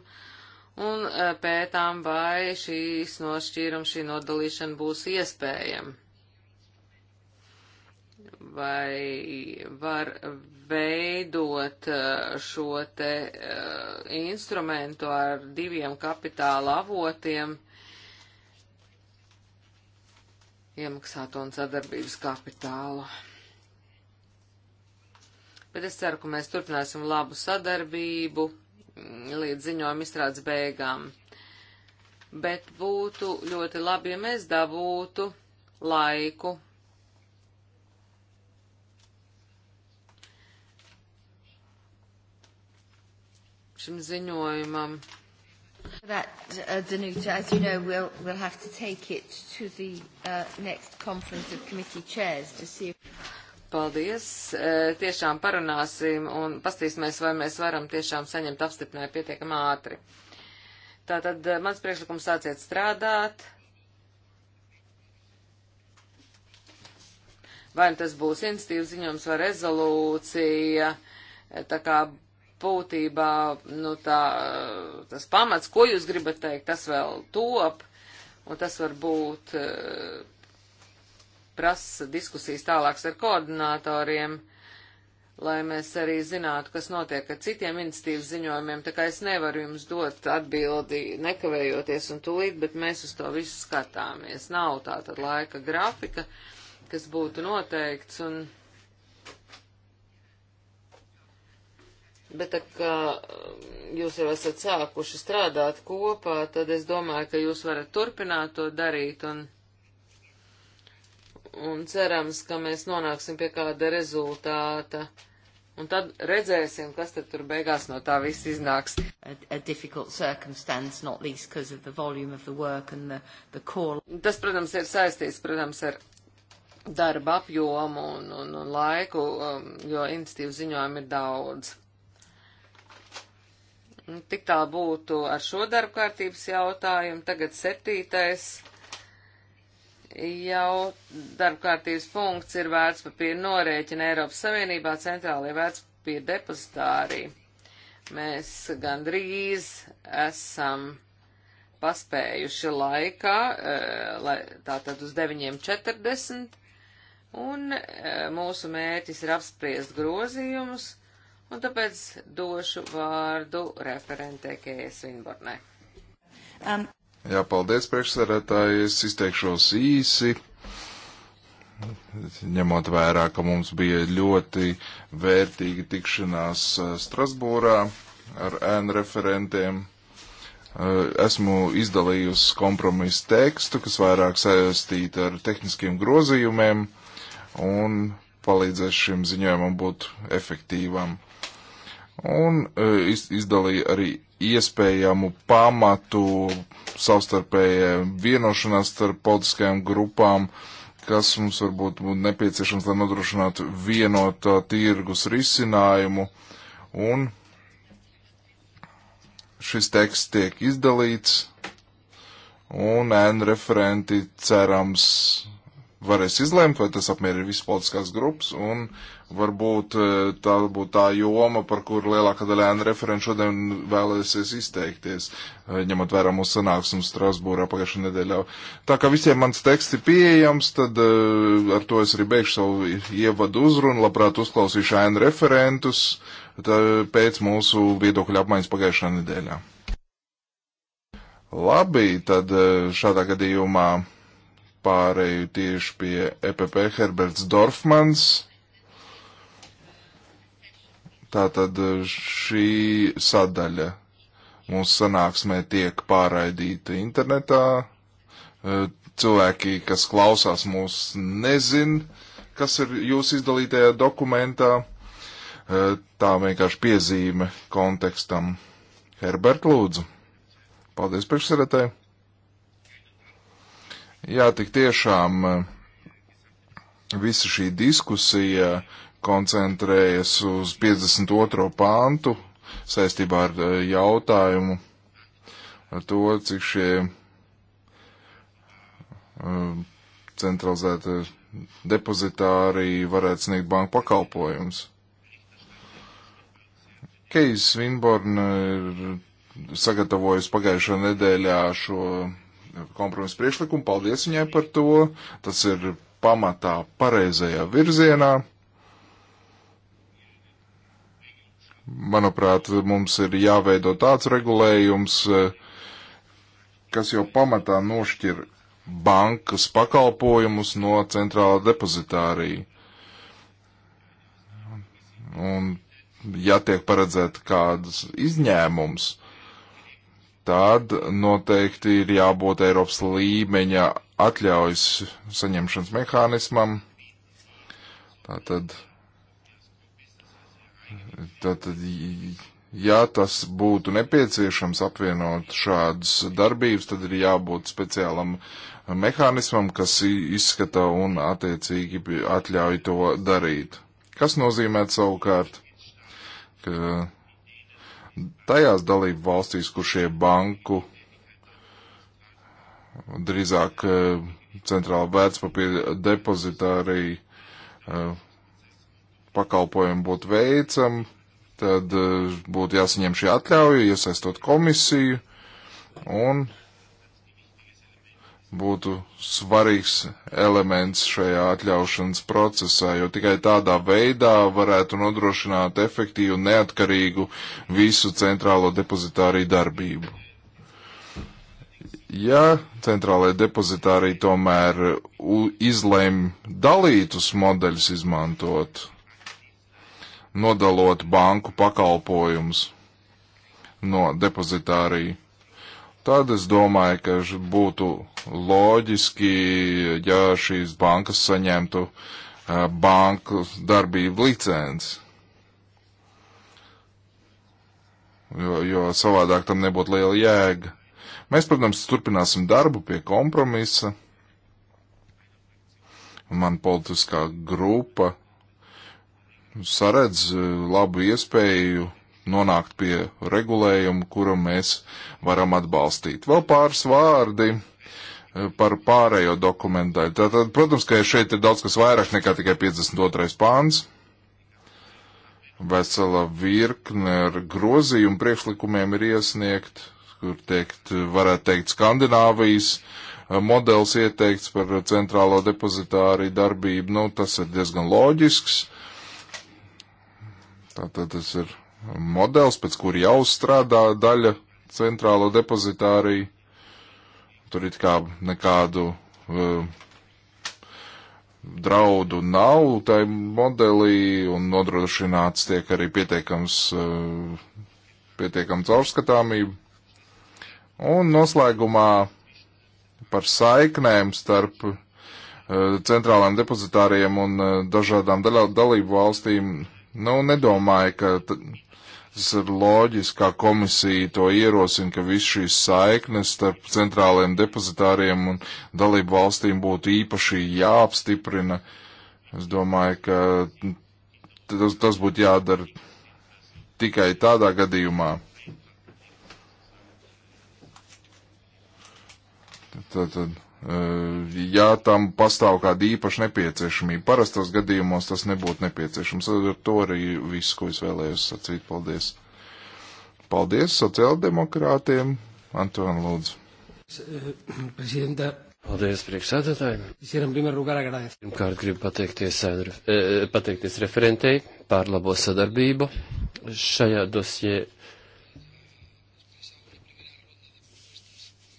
un e, pētām, vai šīs nošķīrums, šī nodalīšana būs iespējama. Vai var veidot e, šo te e, instrumentu ar diviem kapitāla avotiem iemaksāto un sadarbības kapitālu. Bet es ceru, ka mēs turpināsim labu sadarbību līdz ziņojuma izstrādes beigām. Bet būtu ļoti labi, ja mēs dabūtu laiku šim ziņojumam that, uh, Danuta. As you know, we'll, we'll have to take it to the uh, next conference of committee chairs to see if... Paldies. E, tiešām parunāsim un pastīsimies, vai mēs varam tiešām saņemt apstiprinājumu pietiekam ātri. Tātad uh, mans priekšlikums sāciet strādāt. Vai nu tas būs institīvs ziņojums vai rezolūcija, tā kā būtībā, nu tā, tas pamats, ko jūs gribat teikt, tas vēl top, un tas varbūt eh, prasa diskusijas tālāks ar koordinātoriem, lai mēs arī zinātu, kas notiek ar citiem institīvas ziņojumiem, tā kā es nevaru jums dot atbildi nekavējoties un tūlīt, bet mēs uz to visu skatāmies. Nav tā tad laika grafika, kas būtu noteikts, un Bet tā kā um, jūs jau esat sākuši strādāt kopā, tad es domāju, ka jūs varat turpināt to darīt un, un cerams, ka mēs nonāksim pie kāda rezultāta. Un tad redzēsim, kas tad tur beigās no tā viss iznāks. A, a difficult circumstance, not least because of the volume of the work and the, the call. Tas, protams, ir saistīts, protams, ar darba apjomu un, un, un laiku, um, jo institīvu ziņojumu ir daudz. Nu, tik tā būtu ar šo darbu kārtības jautājumu. Tagad septītais jau darbu kārtības punkts ir vērtspapīra norēķina Eiropas Savienībā centrālajā vērtspapīra depozitārī. Mēs gandrīz esam paspējuši laikā, eh, lai, tātad uz 9.40, un eh, mūsu mērķis ir apspriest grozījumus un tāpēc došu vārdu referentē Kējas Vinbornē. Um. Jā, paldies priekšsarētāji, es izteikšos īsi, ņemot vērā, ka mums bija ļoti vērtīga tikšanās uh, Strasbūrā ar ēnu referentiem. Uh, esmu izdalījusi kompromisu tekstu, kas vairāk saistīta ar tehniskiem grozījumiem, un palīdzēs šim ziņojumam būt efektīvam. Un e, iz, izdalīja arī iespējamu pamatu savstarpējai vienošanās starp politiskajām grupām, kas mums varbūt būtu nepieciešams, lai nodrošinātu vienotā tirgus risinājumu. Un šis teksts tiek izdalīts, un N referenti cerams varēs izlēmt, vai tas apmierina visas politiskās grupas, un varbūt eh, tā būtu tā joma, par kuru lielākā daļa ēna referentu šodien vēlēsies izteikties, eh, ņemot vērā mūsu sanāksmu Strasbūrā pagājušajā nedēļā. Tā kā visiem mans teksts ir pieejams, tad eh, ar to es arī beigšu savu ievadu uzrunu, labprāt uzklausīšu ēna referentus pēc mūsu viedokļu apmaiņas pagājušajā nedēļā. Labi, tad šādā gadījumā pārēju tieši pie EPP Herberts Dorfmans. Tātad e, šī sadaļa mūsu sanāksmē tiek pārraidīta internetā. E, cilvēki, kas klausās mūs, nezin, kas ir jūsu izdalītajā dokumentā. E, tā vienkārši piezīme kontekstam. Herbert, lūdzu. Paldies priekšsēdētāji. Jā, tik tiešām eh, visa šī diskusija koncentrējas uz 52. pāntu saistībā ar eh, jautājumu, ar to, cik šie eh, centralizēta depozitāri varētu sniegt banku pakalpojumus. Keis Svinborn ir sagatavojis pagājušā nedēļā šo kompromisu priekšlikumu. Paldies viņai par to. Tas ir pamatā pareizajā virzienā. Manuprāt, mums ir jāveido tāds regulējums, kas jau pamatā nošķir bankas pakalpojumus no centrālā depozitārija. Un ja tiek paredzēta kādas izņēmums, uh, tad noteikti ir jābūt Eiropas līmeņa atļaujas saņemšanas mehānismam. Tātad, tātad, ja tas būtu nepieciešams apvienot šādas darbības, tad ir jābūt speciālam mehānismam, kas izskata un attiecīgi atļauj to darīt. Kas nozīmē savukārt, ka tajās dalību valstīs, kur šie banku drīzāk eh, centrāla vērtspapīra depozitārī eh, pakalpojumi būtu veicam, tad eh, būtu jāsaņem šī atļauja, iesaistot komisiju, un būtu svarīgs elements šajā atļaušanas procesā, jo tikai tādā veidā varētu nodrošināt efektīvu, neatkarīgu visu centrālo depozitāriju darbību. Ja centrālajā depozitārī tomēr izlēm dalītus modeļus izmantot, nodalot banku pakalpojumus no depozitārija, Tad es domāju, ka būtu loģiski, ja šīs bankas saņemtu banku darbību licenci. Jo, jo savādāk tam nebūtu liela jēga. Mēs, protams, turpināsim darbu pie kompromisa. Man politiskā grupa saredz labu iespēju nonākt pie regulējuma, kuru mēs varam atbalstīt. Vēl pāris vārdi eh, par pārējo dokumentu daļu. Tātad, protams, ka šeit ir daudz kas vairāk nekā tikai 52. pāns. Vesela virkne ar grozījumu priekšlikumiem ir iesniegt, kur teikt, varētu teikt, Skandināvijas eh, modelis ieteikts par centrālo depozitāri darbību. Nu, tas ir diezgan loģisks. Tātad tas ir modelis, pēc kura jau strādā daļa centrālo depozitāriju. Tur it kā nekādu uh, draudu nav tai modelī un nodrošināts tiek arī pietiekams, uh, e, pietiekams caurskatāmība. Un noslēgumā par saiknēm starp uh, e, centrālām depozitāriem un dažādām daļā, dalību valstīm, nu, nedomāju, ka Tas ir loģiski, kā komisija to ierosina, ka viss šīs saiknes starp centrālajiem depozitāriem un dalību valstīm būtu īpaši jāapstiprina. Es domāju, ka tas, tas būtu jādara tikai tādā gadījumā. Tad, tad. Eh, ja tam pastāv kāda īpaša nepieciešamība. Parastos gadījumos tas nebūtu nepieciešams. Ar to arī viss, ko es vēlējos sacīt. Paldies! Paldies sociāldemokrātiem! Antoni, lūdzu! Eh, Prezidenta. Paldies priekšsēdētājiem. Pirmkārt gribu pateikties, eh, pateikties referentei par labo sadarbību šajā dosjē.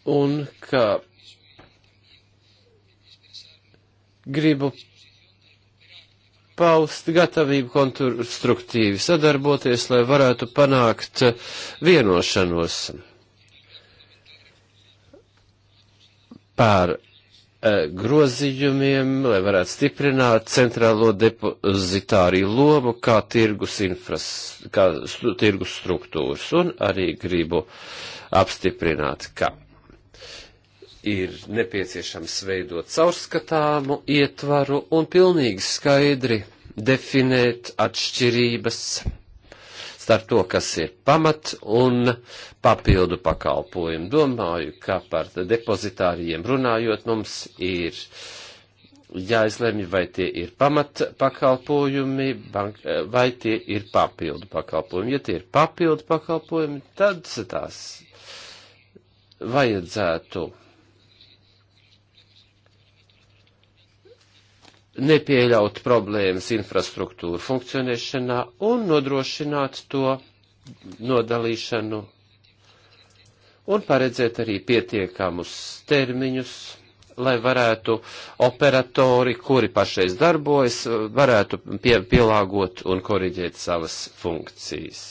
Un kā gribu paust gatavību konstruktīvi sadarboties, lai varētu panākt vienošanos pār eh, grozījumiem, lai varētu stiprināt centrālo depozitāriju lomu kā tirgus, infras, kā stu, tirgus struktūras. Un arī gribu apstiprināt, ka ir nepieciešams veidot caurskatāmu ietvaru un pilnīgi skaidri definēt atšķirības starp to, kas ir pamat un papildu pakalpojumu. Domāju, ka par depozitāriem runājot mums ir jāizlemj, vai tie ir pamat pakalpojumi bank, vai tie ir papildu pakalpojumi. Ja tie ir papildu pakalpojumi, tad tās vajadzētu nepieļaut problēmas infrastruktūru funkcionēšanā un nodrošināt to nodalīšanu un paredzēt arī pietiekamus termiņus, lai varētu operatori, kuri pašreiz darbojas, varētu pie, pielāgot un koriģēt savas funkcijas.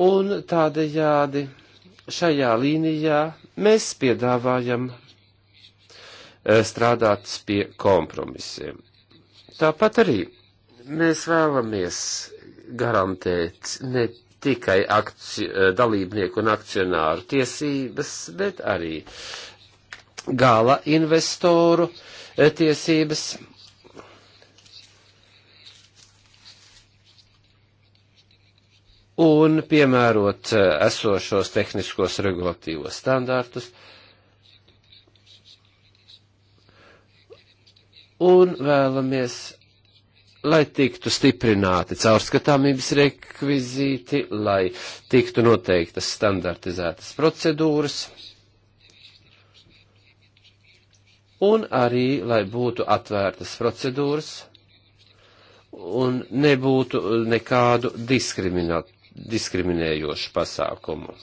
Un tādējādi šajā līnijā mēs piedāvājam Eh, strādāt pie kompromisiem. Tāpat arī mēs vēlamies garantēt ne tikai akci, eh, dalībnieku un akcionāru tiesības, bet arī gala investoru eh, tiesības. Un piemērot esošos tehniskos regulatīvos standārtus, uh, un vēlamies, lai tiktu stiprināti caurskatāmības rekvizīti, lai tiktu noteiktas standartizētas procedūras, un arī, lai būtu atvērtas procedūras un nebūtu nekādu diskriminējošu pasākumu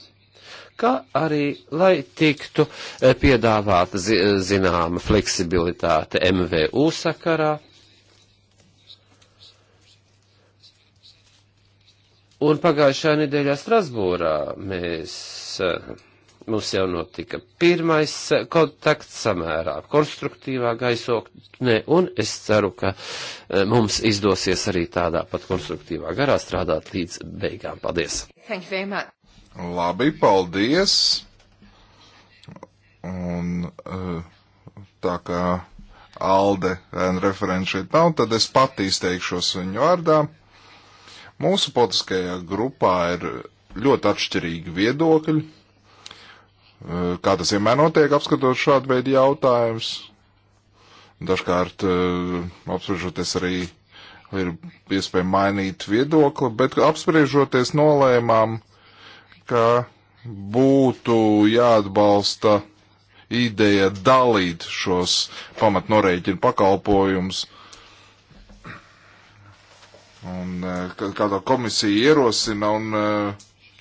kā arī, lai tiktu eh, piedāvāta eh, zināma fleksibilitāte MVU sakarā. Un pagājušā nedēļā Strasbūrā mēs, eh, mums jau notika pirmais kontakts samērā konstruktīvā gaisotnē, un es ceru, ka mums izdosies arī tādā pat konstruktīvā garā strādāt līdz beigām. Paldies! Labi, paldies. Un eh, tā kā Alde eh, referents šeit nav, tad es pati izteikšos viņu vārdā. Mūsu politiskajā grupā ir ļoti atšķirīgi viedokļi. Eh, kā tas vienmēr notiek, apskatot šādu veidu jautājumus. Dažkārt apspriežoties arī ir iespēja mainīt viedokli, bet apspriežoties nolēmām ka būtu jāatbalsta ideja dalīt šos pamatnorēķinu pakalpojumus. Un e, kādā komisija ierosina, un e,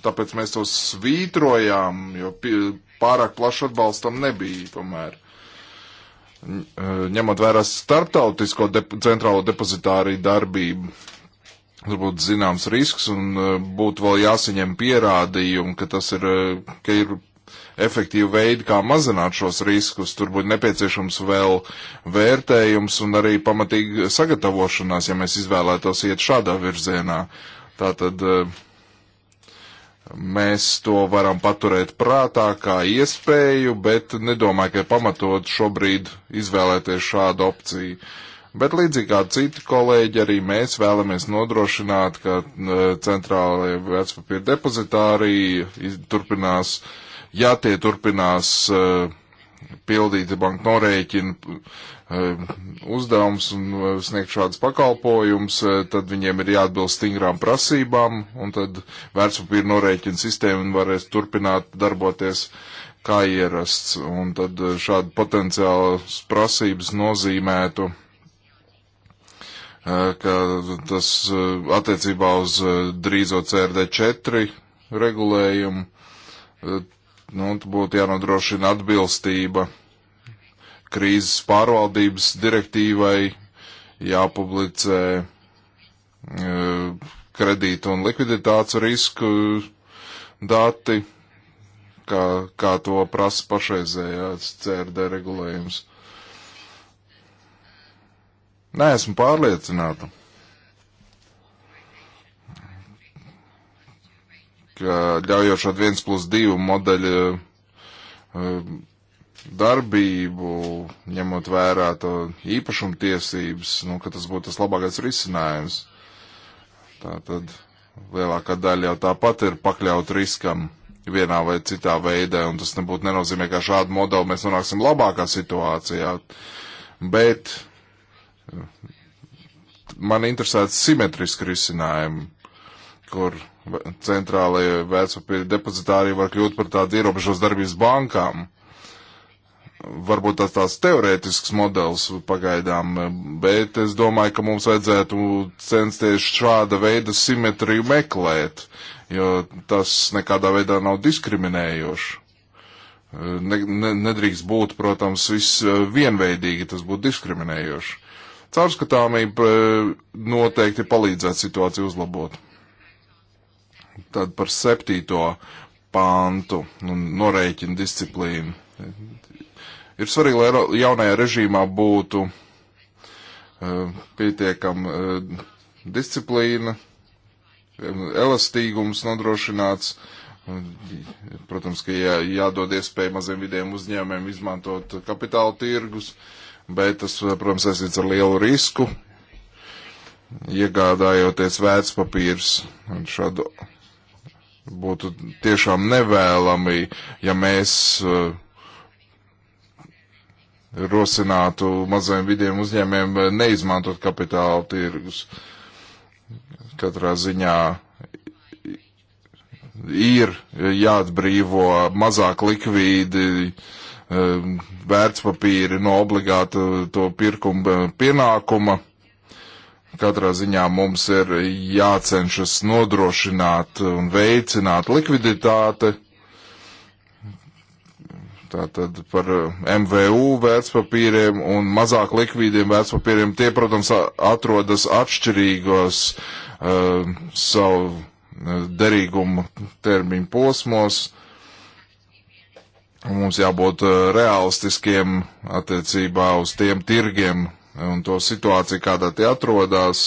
tāpēc mēs to svītrojām, jo pārāk plašu atbalstam nebija, pamēr. E, ņemot vērā starptautisko dep centrālo depozitāriju darbību varbūt zināms risks un eh, būtu vēl jāsaņem pierādījumi, ka tas ir, eh, ka ir efektīvi veidi, kā mazināt šos riskus. Tur būtu nepieciešams vēl vērtējums un arī pamatīgi sagatavošanās, ja mēs izvēlētos iet šādā virzienā. Tātad eh, mēs to varam paturēt prātā kā iespēju, bet nedomāju, ka ir pamatot šobrīd izvēlēties šādu opciju. Uh, Bet līdzīgi kā citi kolēģi, arī mēs vēlamies nodrošināt, ka centrālajie vecpapīra depozitāriji turpinās, ja tie turpinās e, pildīt banku norēķinu e, uzdevums un e, sniegt šādas pakalpojumus, tad viņiem ir jāatbilst stingrām prasībām, un tad vērtspapīra norēķina sistēma varēs turpināt darboties kā ierasts, un tad šādi potenciālas prasības nozīmētu ka tas attiecībā uz drīzo CRD4 regulējumu nu, būtu jānodrošina atbilstība krīzes pārvaldības direktīvai, jāpublicē kredītu un likviditātes risku dati, kā, kā to prasa pašreizējās CRD regulējums. Nē, esmu pārliecināta, ka ļaujošot 1 plus 2 modeļa eh, darbību, ņemot vērā to īpašumu tiesības, nu, ka tas būtu tas labākais risinājums. Tā tad lielākā daļa jau tāpat ir pakļaut riskam vienā vai citā veidā, un tas nebūtu nenozīmē, ka šādu modeli mēs nonāksim labākā situācijā, bet Man interesētu simetriski risinājumi, kur centrālajie vecpapīra depozitāri var kļūt par tādu ierobežos darbības bankām. Varbūt tas tās teorētisks modelis pagaidām, bet es domāju, ka mums vajadzētu censties šāda veida simetriju meklēt, jo tas nekādā veidā nav diskriminējoši. Ne, ne, nedrīkst būt, protams, viss eh, vienveidīgi, tas būtu diskriminējoši. Caurskatāmība eh, noteikti palīdzētu situāciju uzlabot. Tad par septīto pāntu un norēķinu disciplīnu. Ir svarīgi, lai jaunajā režīmā būtu uh, eh, pietiekama uh, eh, disciplīna, elastīgums nodrošināts. Protams, ka jā, jādod iespēja maziem vidiem uzņēmēm izmantot kapitāla tirgus. Uh, bet tas, eh, protams, saistīts ar lielu risku, iegādājoties vērtspapīrs un šādu būtu tiešām nevēlami, ja mēs uh, rosinātu mazajiem vidiem uzņēmiem eh, neizmantot kapitāla tirgus. Katrā ziņā ir jāatbrīvo mazāk likvīdi uh, Ehm, vērtspapīri no obligāta to pirkuma pienākuma. Katrā ziņā mums ir jācenšas nodrošināt un veicināt likviditāte. Tātad par eh, MVU vērtspapīriem un mazāk likvīdiem vērtspapīriem tie, protams, atrodas atšķirīgos uh, savu eh, derīgumu termiņu posmos. Mums jābūt eh, realistiskiem attiecībā uz tiem tirgiem un to situāciju, kādā tie atrodas.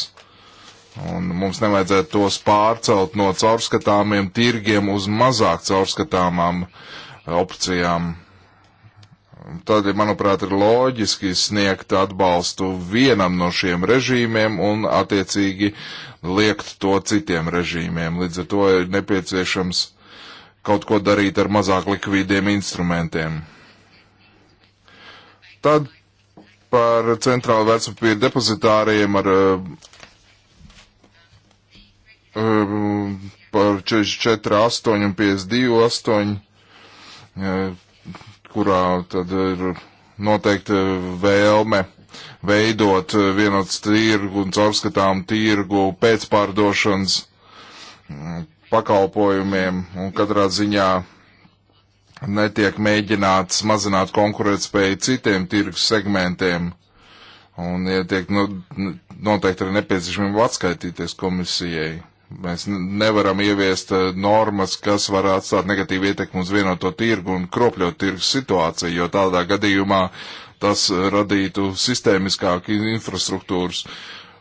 Un mums nevajadzētu tos pārcelt no caurskatāmiem tirgiem uz mazāk caurskatāmām eh, opcijām. Tad, manuprāt, ir loģiski sniegt atbalstu vienam no šiem režīmiem un attiecīgi liekt to citiem režīmiem. Līdz ar to ir nepieciešams kaut ko darīt ar mazāk likvīdiem instrumentiem. Tad par centrālu vecpapīru depozitāriem ar um, par 44, 8 un 52, 8, eh, kurā tad ir noteikti vēlme veidot vienots tirgu un caurskatām tirgu pēcpārdošanas pakalpojumiem un katrā ziņā netiek mēģināts mazināt konkurētspēju citiem tirgus segmentiem. Un ja tiek no, noteikti arī nepieciešamība atskaitīties komisijai. Mēs nevaram ieviest eh, normas, kas var atstāt negatīvu ietekmu uz vienoto tirgu un kropļot tirgus situāciju, jo tādā gadījumā tas eh, radītu sistēmiskāku infrastruktūras uh,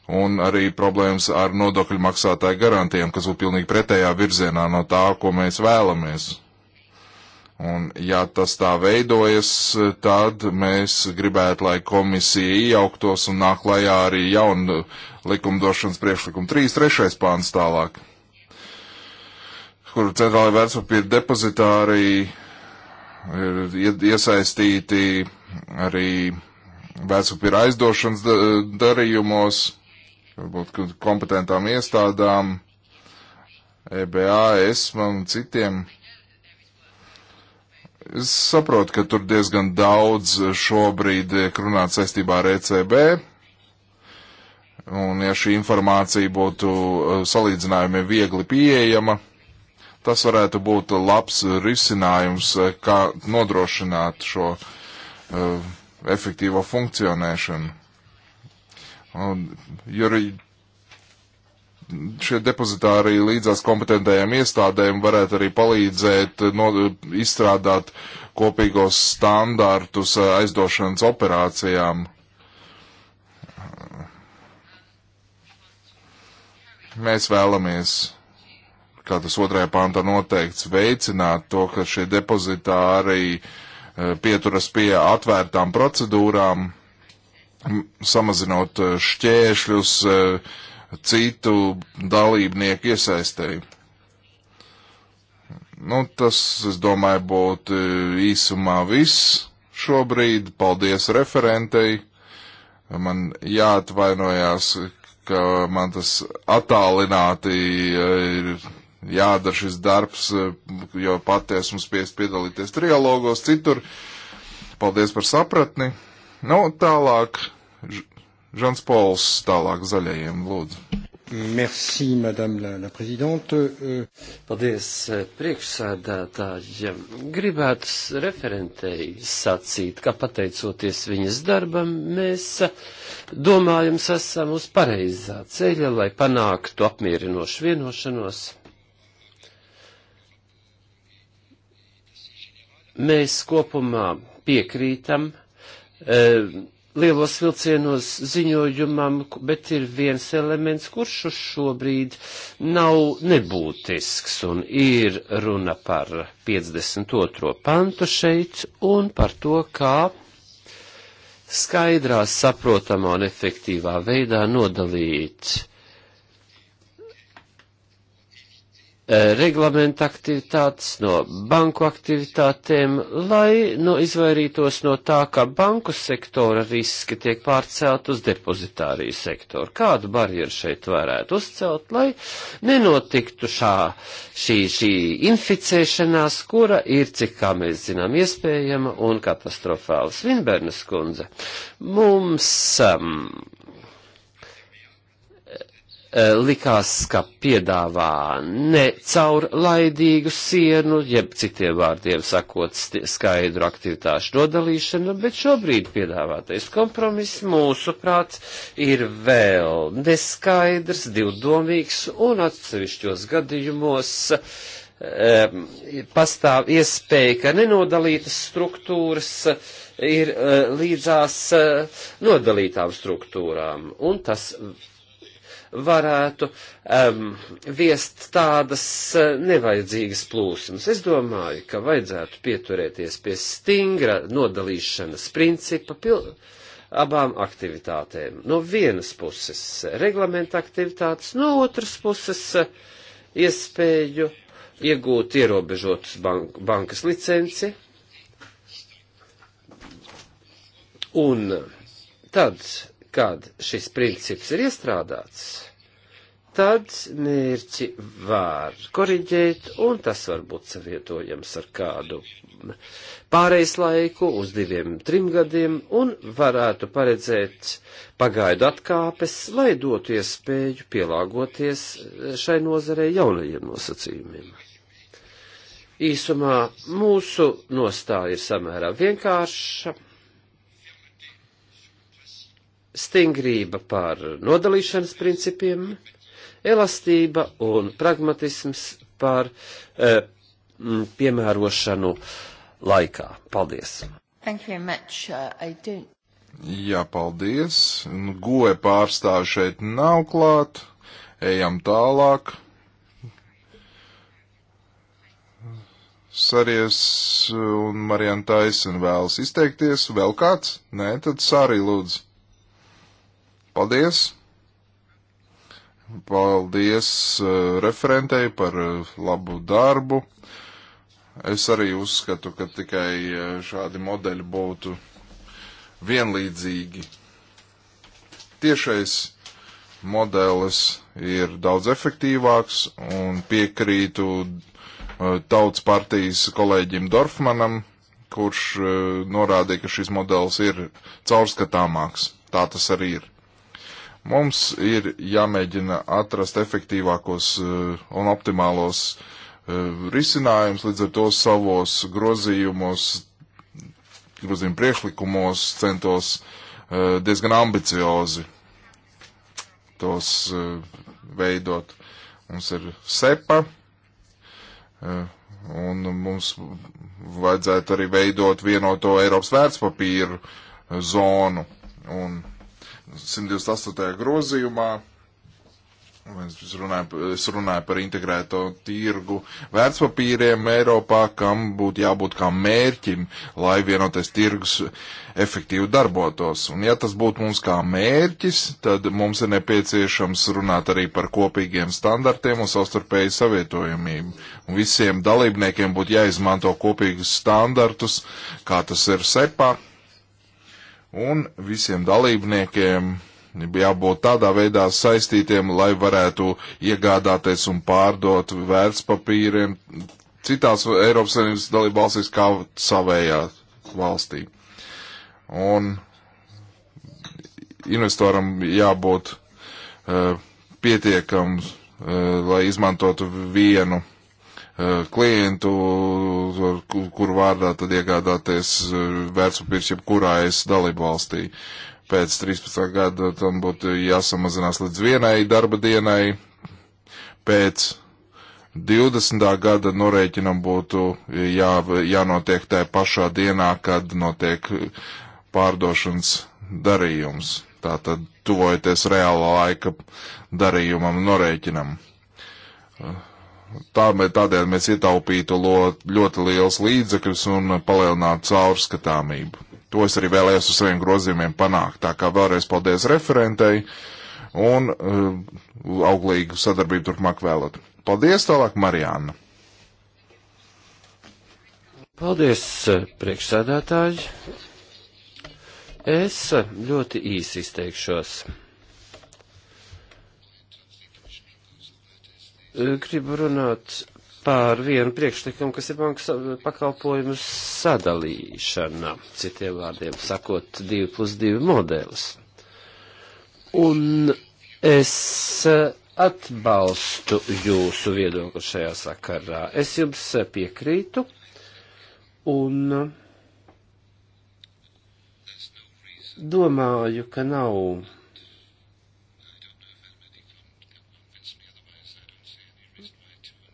un arī problēmas ar nodokļu maksātāju garantijām, kas būtu pilnīgi pretējā virzienā no tā, ko mēs vēlamies. Un, ja tas tā veidojas, tad mēs gribētu, lai komisija iejauktos un nāk lajā arī jaunu likumdošanas priekšlikumu 3. trešais pāns tālāk, kur centrālajā vērtspapīra depozitārī ir iesaistīti arī vērtspapīra aizdošanas darījumos varbūt kompetentām iestādām, EBA, ESMA un citiem. Es saprotu, ka tur diezgan daudz šobrīd tiek runāts saistībā ar ECB. Un ja šī informācija būtu e, salīdzinājumi viegli pieejama, tas varētu būt labs risinājums, e, kā nodrošināt šo uh, efektīvo funkcionēšanu. Un, jo šie depozitāri līdzās kompetentajām iestādēm varētu arī palīdzēt eh, no, eh, izstrādāt kopīgos standārtus eh, aizdošanas operācijām. Mēs vēlamies, kā tas otrajā pantā noteikts, veicināt to, ka šie depozitāri pieturas pie atvērtām procedūrām samazinot e, šķēršļus e, citu dalībnieku iesaistēju. Nu, tas, es domāju, būtu e, īsumā viss šobrīd. Paldies referentei. Man jāatvainojās, ka man tas attālināti ir jādara šis darbs, jo pati esmu spiest piedalīties trialogos citur. Paldies par sapratni. Nu, tālāk, Žans Pols, tālāk zaļajiem, lūdzu. Merci, madame la, la présidente. Euh, Paldies, priekšsēdētāji. Gribētu referentei sacīt, ka pateicoties viņas darbam, mēs domājams esam uz pareizā ceļa, lai panāktu apmierinošu vienošanos. Mēs kopumā piekrītam E, lielos vilcienos ziņojumam, bet ir viens elements, kurš uz šobrīd nav nebūtisks, un ir runa par 52. pantu šeit un par to, kā skaidrā, saprotamā un efektīvā veidā nodalīt Eh, reglamenta aktivitātes, no banku aktivitātēm, lai no nu, izvairītos no tā, ka banku sektora riski tiek pārcelt uz depozitāriju sektoru. Kādu barjeru šeit varētu uzcelt, lai nenotiktu šā, šī, šī inficēšanās, kura ir, cik kā mēs zinām, iespējama un katastrofāla. Svinbernes kundze, mums. Um, Eh, likās, ka piedāvā necaurlaidīgu sienu, jeb citiem vārdiem sakot skaidru aktivitāšu nodalīšanu, bet šobrīd piedāvātais kompromiss mūsuprāt ir vēl neskaidrs, divdomīgs un atsevišķos gadījumos um, pastāv iespēja, ka nenodalītas struktūras ir uh, līdzās uh, nodalītām struktūrām, un tas varētu um, viest tādas eh, nevajadzīgas plūsmas. Es domāju, ka vajadzētu pieturēties pie stingra nodalīšanas principa pil abām aktivitātēm. No vienas puses reglamenta aktivitātes, no otras puses eh, iespēju iegūt ierobežotas bank bankas licenci. Un tad kad šis princips ir iestrādāts, tad mērķi var koriģēt, un tas var būt savietojams ar kādu pārejas laiku uz diviem, trim gadiem, un varētu paredzēt pagaidu atkāpes, lai dotu iespēju pielāgoties šai nozarei jaunajiem nosacījumiem. Īsumā mūsu nostāja ir samērā vienkārša stingrība par nodalīšanas principiem, elastība un pragmatisms par e, piemērošanu laikā. Paldies! Thank you very much. Uh, I don't... Jā, paldies. Nu, goe pārstāv šeit nav klāt. Ejam tālāk. Saries un Marijan Taisen vēlas izteikties. Vēl kāds? Nē, tad Sārī lūdzu. Paldies! Paldies uh, referentei par uh, labu darbu. Es arī uzskatu, ka tikai uh, šādi modeļi būtu vienlīdzīgi. Tiešais modelis ir daudz efektīvāks un piekrītu uh, tautas partijas kolēģim Dorfmanam, kurš uh, norādīja, ka šis modelis ir caurskatāmāks. Tā tas arī ir. Mums ir jāmēģina atrast efektīvākos eh, un optimālos eh, risinājums, līdz ar to savos grozījumos, grozījumu priekšlikumos centos eh, diezgan ambiciozi tos veidot. Mums ir sepa, un mums vajadzētu arī veidot vienoto Eiropas vērtspapīru zonu. Un 128. grozījumā. Es runāju, es runāju par integrēto tirgu vērtspapīriem Eiropā, kam būtu jābūt kā mērķim, lai vienotais tirgus efektīvi darbotos. Un ja tas būtu mums kā mērķis, tad mums ir nepieciešams runāt arī par kopīgiem standartiem un savstarpēju savietojumību. Un visiem dalībniekiem būtu jāizmanto kopīgus standartus, kā tas ir sepā un visiem dalībniekiem jābūt tādā veidā saistītiem, lai varētu iegādāties un pārdot vērtspapīriem citās Eiropas Savienības dalību valstīs kā savējā valstī. Un investoram jābūt uh, pietiekams, uh, lai izmantotu vienu Eh, klientu, eh, kur, kur vārdā tad iegādāties eh, vērtspapīrs jebkurā es dalību valstī. Pēc 13. gada tam būtu jāsamazinās līdz vienai darba dienai. Pēc 20. gada norēķinam būtu jā, jānotiek tajā pašā dienā, kad notiek pārdošanas darījums. Tātad tuvojoties reāla laika darījumam norēķinam. Uh, Tā, tādēļ mēs ietaupītu lo, ļoti liels līdzekļus un palielinātu caurskatāmību. To es arī vēlējos uz saviem grozījumiem panākt. Tā kā vēlreiz paldies referentei un uh, auglīgu sadarbību turpmāk vēlot. Paldies tālāk, Marijāna. Paldies, priekšsēdētāji. Es ļoti īsi izteikšos. Eh, gribu runāt par vienu priekšlikumu, kas ir bankas pakalpojumu sadalīšana, citiem vārdiem sakot, 2 plus 2 modelis. Un es eh, atbalstu jūsu viedokli šajā sakarā. Es jums eh, piekrītu un domāju, ka nav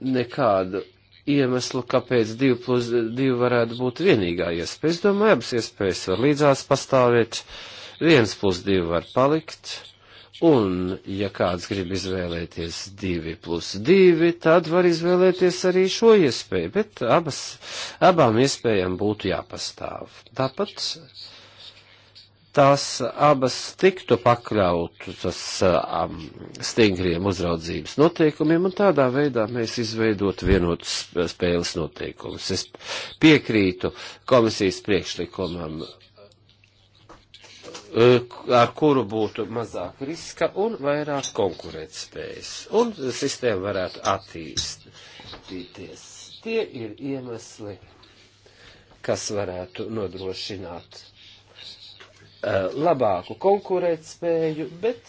nekādu iemeslu, kāpēc 2 plus 2 varētu būt vienīgā iespēja. Es domāju, abas iespējas var līdzās pastāvēt, 1 plus 2 var palikt, un, ja kāds grib izvēlēties 2 plus 2, tad var izvēlēties arī šo iespēju, bet abas, abām iespējām būtu jāpastāv. Tāpat tās abas tiktu pakļautas um, stingriem uzraudzības noteikumiem, un tādā veidā mēs izveidotu vienotus spēles noteikumus. Es piekrītu komisijas priekšlikumam, eh, ar kuru būtu mazāk riska un vairāk konkurētspējas, un sistēma varētu attīstīties. Tie ir iemesli, kas varētu nodrošināt Eh, labāku konkurētspēju, bet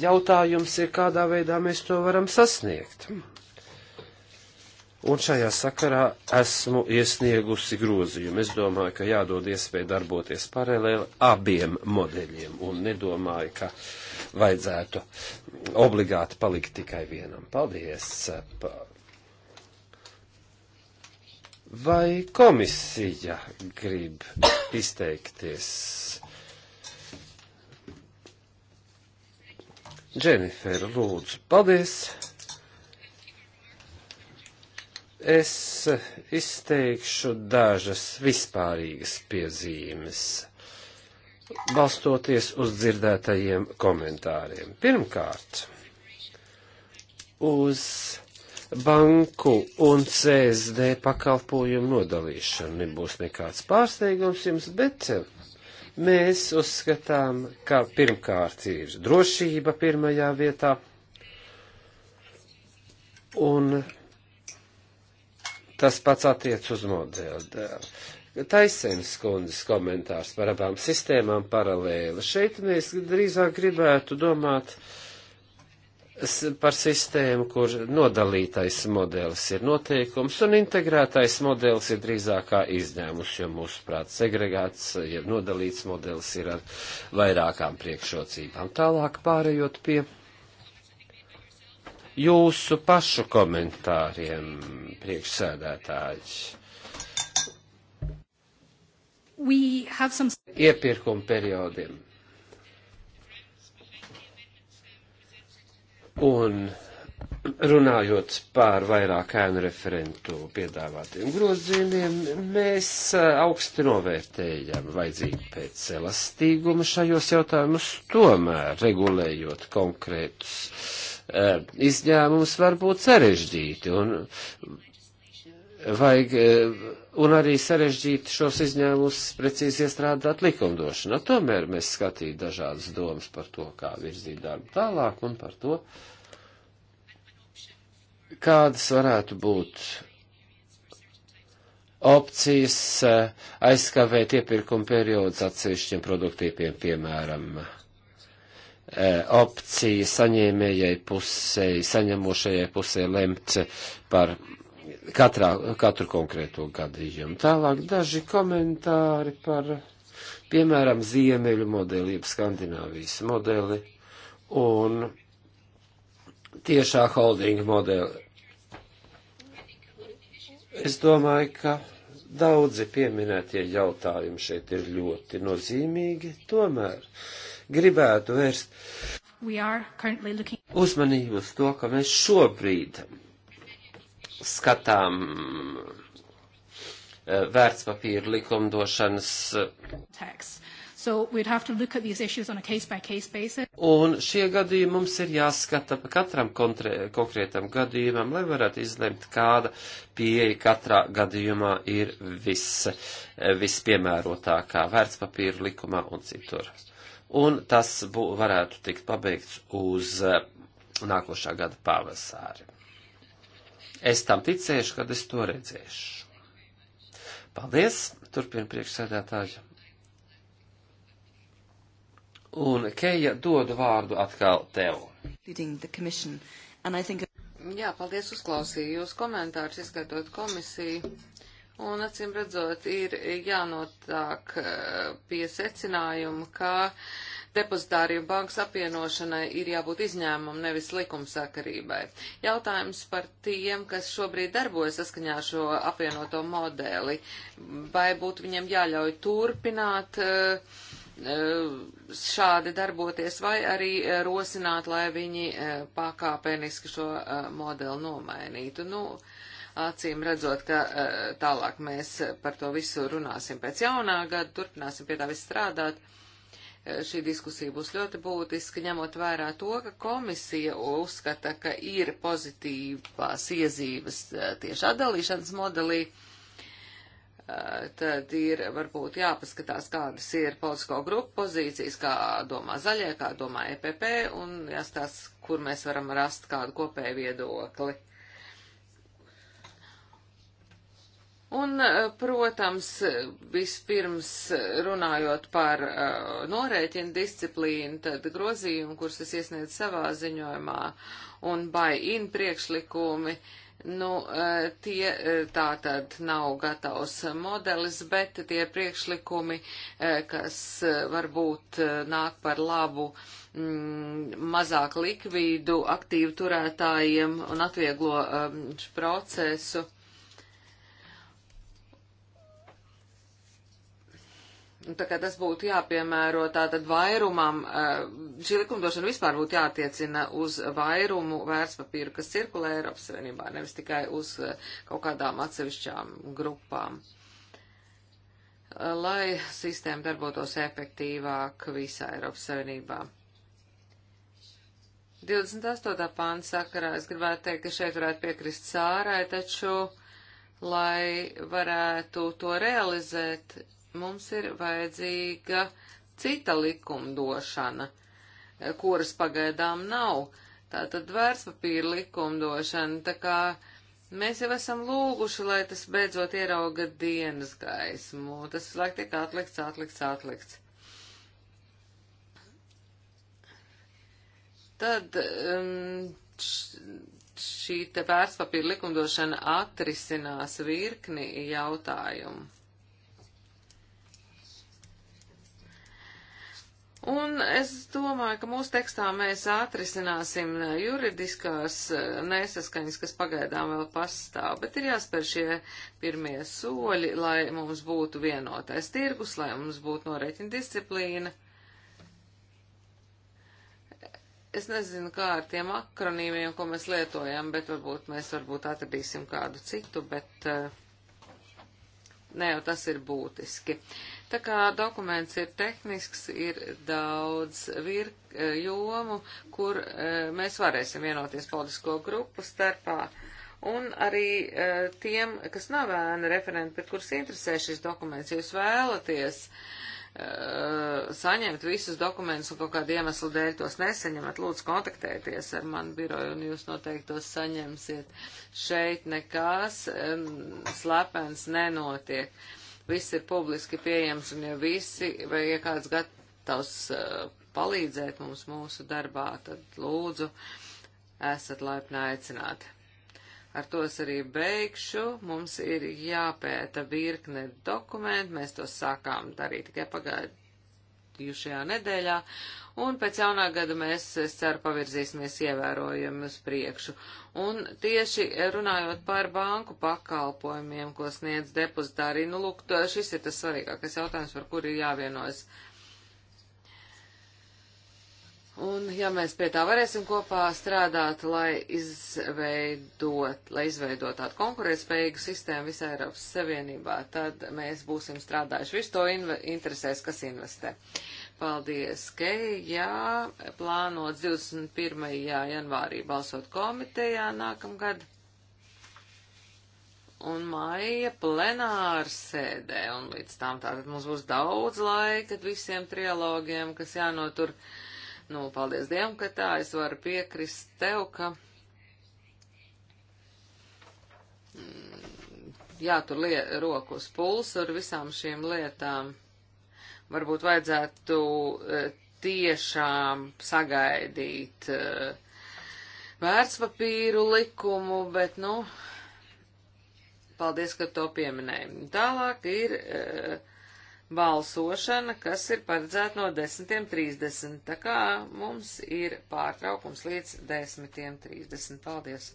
jautājums ir, kādā veidā mēs to varam sasniegt. Un šajā sakarā esmu iesniegusi grozījumu. Es domāju, ka jādod iespēja darboties paralēli abiem modeļiem un nedomāju, ka vajadzētu obligāti palikt tikai vienam. Paldies! Pa Vai komisija grib izteikties? Dženifer, lūdzu, paldies. Es izteikšu dažas vispārīgas piezīmes, balstoties uz dzirdētajiem komentāriem. Pirmkārt, uz banku un CSD pakalpojumu nodalīšanu. Nebūs nekāds pārsteigums jums, bet eh, mēs uzskatām, ka pirmkārt ir drošība pirmajā vietā un tas pats attiec uz modeli. Taisens kundzes komentārs par abām sistēmām paralēli. Šeit mēs drīzāk gribētu domāt uh, par sistēmu, kur nodalītais modelis ir noteikums un integrētais modelis ir drīzākā izņēmums, jo mūsuprāt segregāts, ja nodalīts modelis ir ar vairākām priekšrocībām. Tālāk pārējot pie jūsu pašu komentāriem, priekšsēdētāji. Some... Iepirkuma periodiem Un runājot par vairāk ēnu referentu piedāvātiem grozījumiem, mēs eh, augsti novērtējam vajadzību pēc elastīguma šajos jautājumus, tomēr regulējot konkrētus eh, izņēmumus var būt sarežģīti un vajag eh, un arī sarežģīt šos izņēmumus precīzi iestrādāt likumdošanā. Nu, tomēr mēs skatījām dažādas domas par to, kā virzīt darbu tālāk un par to, kādas varētu būt opcijas eh, aizskavēt iepirkuma periodus atsevišķiem produktīviem, piemēram, eh, opcija saņēmējai pusē, saņemošajai pusē lemt par katrā, katru konkrēto gadījumu. Tālāk daži komentāri par, piemēram, ziemeļu modeli, jeb Skandināvijas modeli un tiešā holdinga modeli. Es domāju, ka daudzi pieminētie jautājumi šeit ir ļoti nozīmīgi, tomēr gribētu vērst looking... uzmanību uz to, ka mēs šobrīd skatām eh, vērtspapīru likumdošanas. So case case un šie gadījumi mums ir jāskata pa katram kontre, konkrētam gadījumam, lai varētu izlemt, kāda pieeja katrā gadījumā ir vis, eh, vispiemērotākā vērtspapīra likumā un citur. Un tas bū, varētu tikt pabeigts uz eh, nākošā gada pavasāri. Es tam ticēšu, kad es to redzēšu. Paldies, turpina priekšsēdētāja. Un Keija dodu vārdu atkal tev. Jā, paldies, uzklausīju jūs komentārus, izskatot komisiju. Un acīm redzot, ir jānotāk eh, pie secinājuma, ka depozitāriju bankas apvienošanai ir jābūt izņēmumam, nevis likumsakarībai. Jautājums par tiem, kas šobrīd darbojas saskaņā šo apvienoto modeli, vai būtu viņiem jāļauj turpināt eh, eh, šādi darboties, vai arī eh, rosināt, lai viņi pakāpeniski šo modeli nomainītu. Nu, acīm redzot, ka tālāk mēs par to visu runāsim pēc jaunā gada, turpināsim pie tā viss strādāt šī diskusija būs ļoti būtiska, ņemot vērā to, ka komisija uzskata, ka ir pozitīvās iezīmes eh, tieši atdalīšanas modelī. Eh, tad ir varbūt jāpaskatās, kādas ir politisko grupu pozīcijas, kā domā zaļie, kā domā EPP, un jāstāsta, kur mēs varam rast kādu kopēju viedokli. Un, eh, protams, vispirms eh, runājot par uh, norēķinu disciplīnu, tad grozījumi, kurus es iesniedzu savā ziņojumā, un buy-in priekšlikumi, nu, uh, tie uh, tā tad nav gatavs modelis, bet tie priekšlikumi, uh, kas uh, varbūt uh, nāk par labu mm, mazāk likvīdu aktīvu turētājiem un atvieglo um, procesu. Uh, Nu, tā kā tas būtu jāpiemēro tātad vairumam, eh, šī likumdošana vispār būtu jātiecina uz vairumu vērtspapīru, kas cirkulē Eiropas Savienībā, nevis tikai uz eh, kaut kādām atsevišķām grupām. Lai sistēma darbotos efektīvāk visā Eiropas Savienībā. 28. pāns sakarā es gribētu teikt, ka šeit varētu piekrist sārai, taču, lai varētu to realizēt, mums ir vajadzīga cita likumdošana, kuras pagaidām nav. Tātad vērtspapīra likumdošana, tā kā mēs jau esam lūguši, lai tas beidzot ierauga dienas gaismu. Tas laik tiek atlikts, atlikts, atlikts. Tad um, šī te vērtspapīra likumdošana atrisinās virkni jautājumu. Un es domāju, ka mūsu tekstā mēs atrisināsim eh, juridiskās eh, nesaskaņas, kas pagaidām vēl pastāv, bet ir jāspēr šie pirmie soļi, lai mums būtu vienotais tirgus, lai mums būtu noreķina disciplīna. Es nezinu, kā ar tiem akronīmiem, ko mēs lietojam, bet varbūt mēs varbūt atradīsim kādu citu, bet eh, ne jau tas ir būtiski. Tā kā dokuments ir tehnisks, ir daudz virk, e, jomu, kur e, mēs varēsim vienoties politisko grupu starpā. Un arī e, tiem, kas nav ēna referenti, bet kurus interesē šis dokuments, jūs vēlaties saņemt visus dokumentus un kaut kādu iemeslu dēļ tos nesaņemat, lūdzu kontaktēties ar manu biroju un jūs noteikti tos saņemsiet. Šeit nekās slepens nenotiek. Uh, viss ir publiski pieejams, un ja visi, vai ja kāds gatavs uh, palīdzēt mums mūsu darbā, tad lūdzu, esat laipni aicināti. Ar to es arī beigšu. Mums ir jāpēta virkne dokumentu. Mēs to sākām darīt tikai pagājušajā nedēļā, un pēc jaunā gada mēs, es ceru, pavirzīsimies ievērojami uz priekšu. Un tieši runājot par banku pakalpojumiem, ko sniedz depozitārī, nu lūk, to, šis ir tas svarīgākais jautājums, par kuru ir jāvienojas. Un ja mēs pie tā varēsim kopā strādāt, lai izveidot, lai izveidot tādu konkurētspējīgu sistēmu visā Eiropas Savienībā, tad mēs būsim strādājuši visu to interesēs, kas investē. Uh, Paldies, Keija. Plānots 21. janvārī balsot komitejā nākamgad. Un maija plenāra sēdē. Un līdz tam tātad mums būs daudz laika visiem trialogiem, kas jānotur. Nu, paldies Dievam, ka tā es varu piekrist tev, ka. Mm, jātur roku uz pulsu ar visām šīm lietām. Varbūt vajadzētu e, tiešām sagaidīt e, vērtspapīru likumu, bet, nu, paldies, ka to pieminēji. Tālāk ir e, balsošana, kas ir paredzēta no 10.30, tā kā mums ir pārtraukums līdz 10.30. Paldies!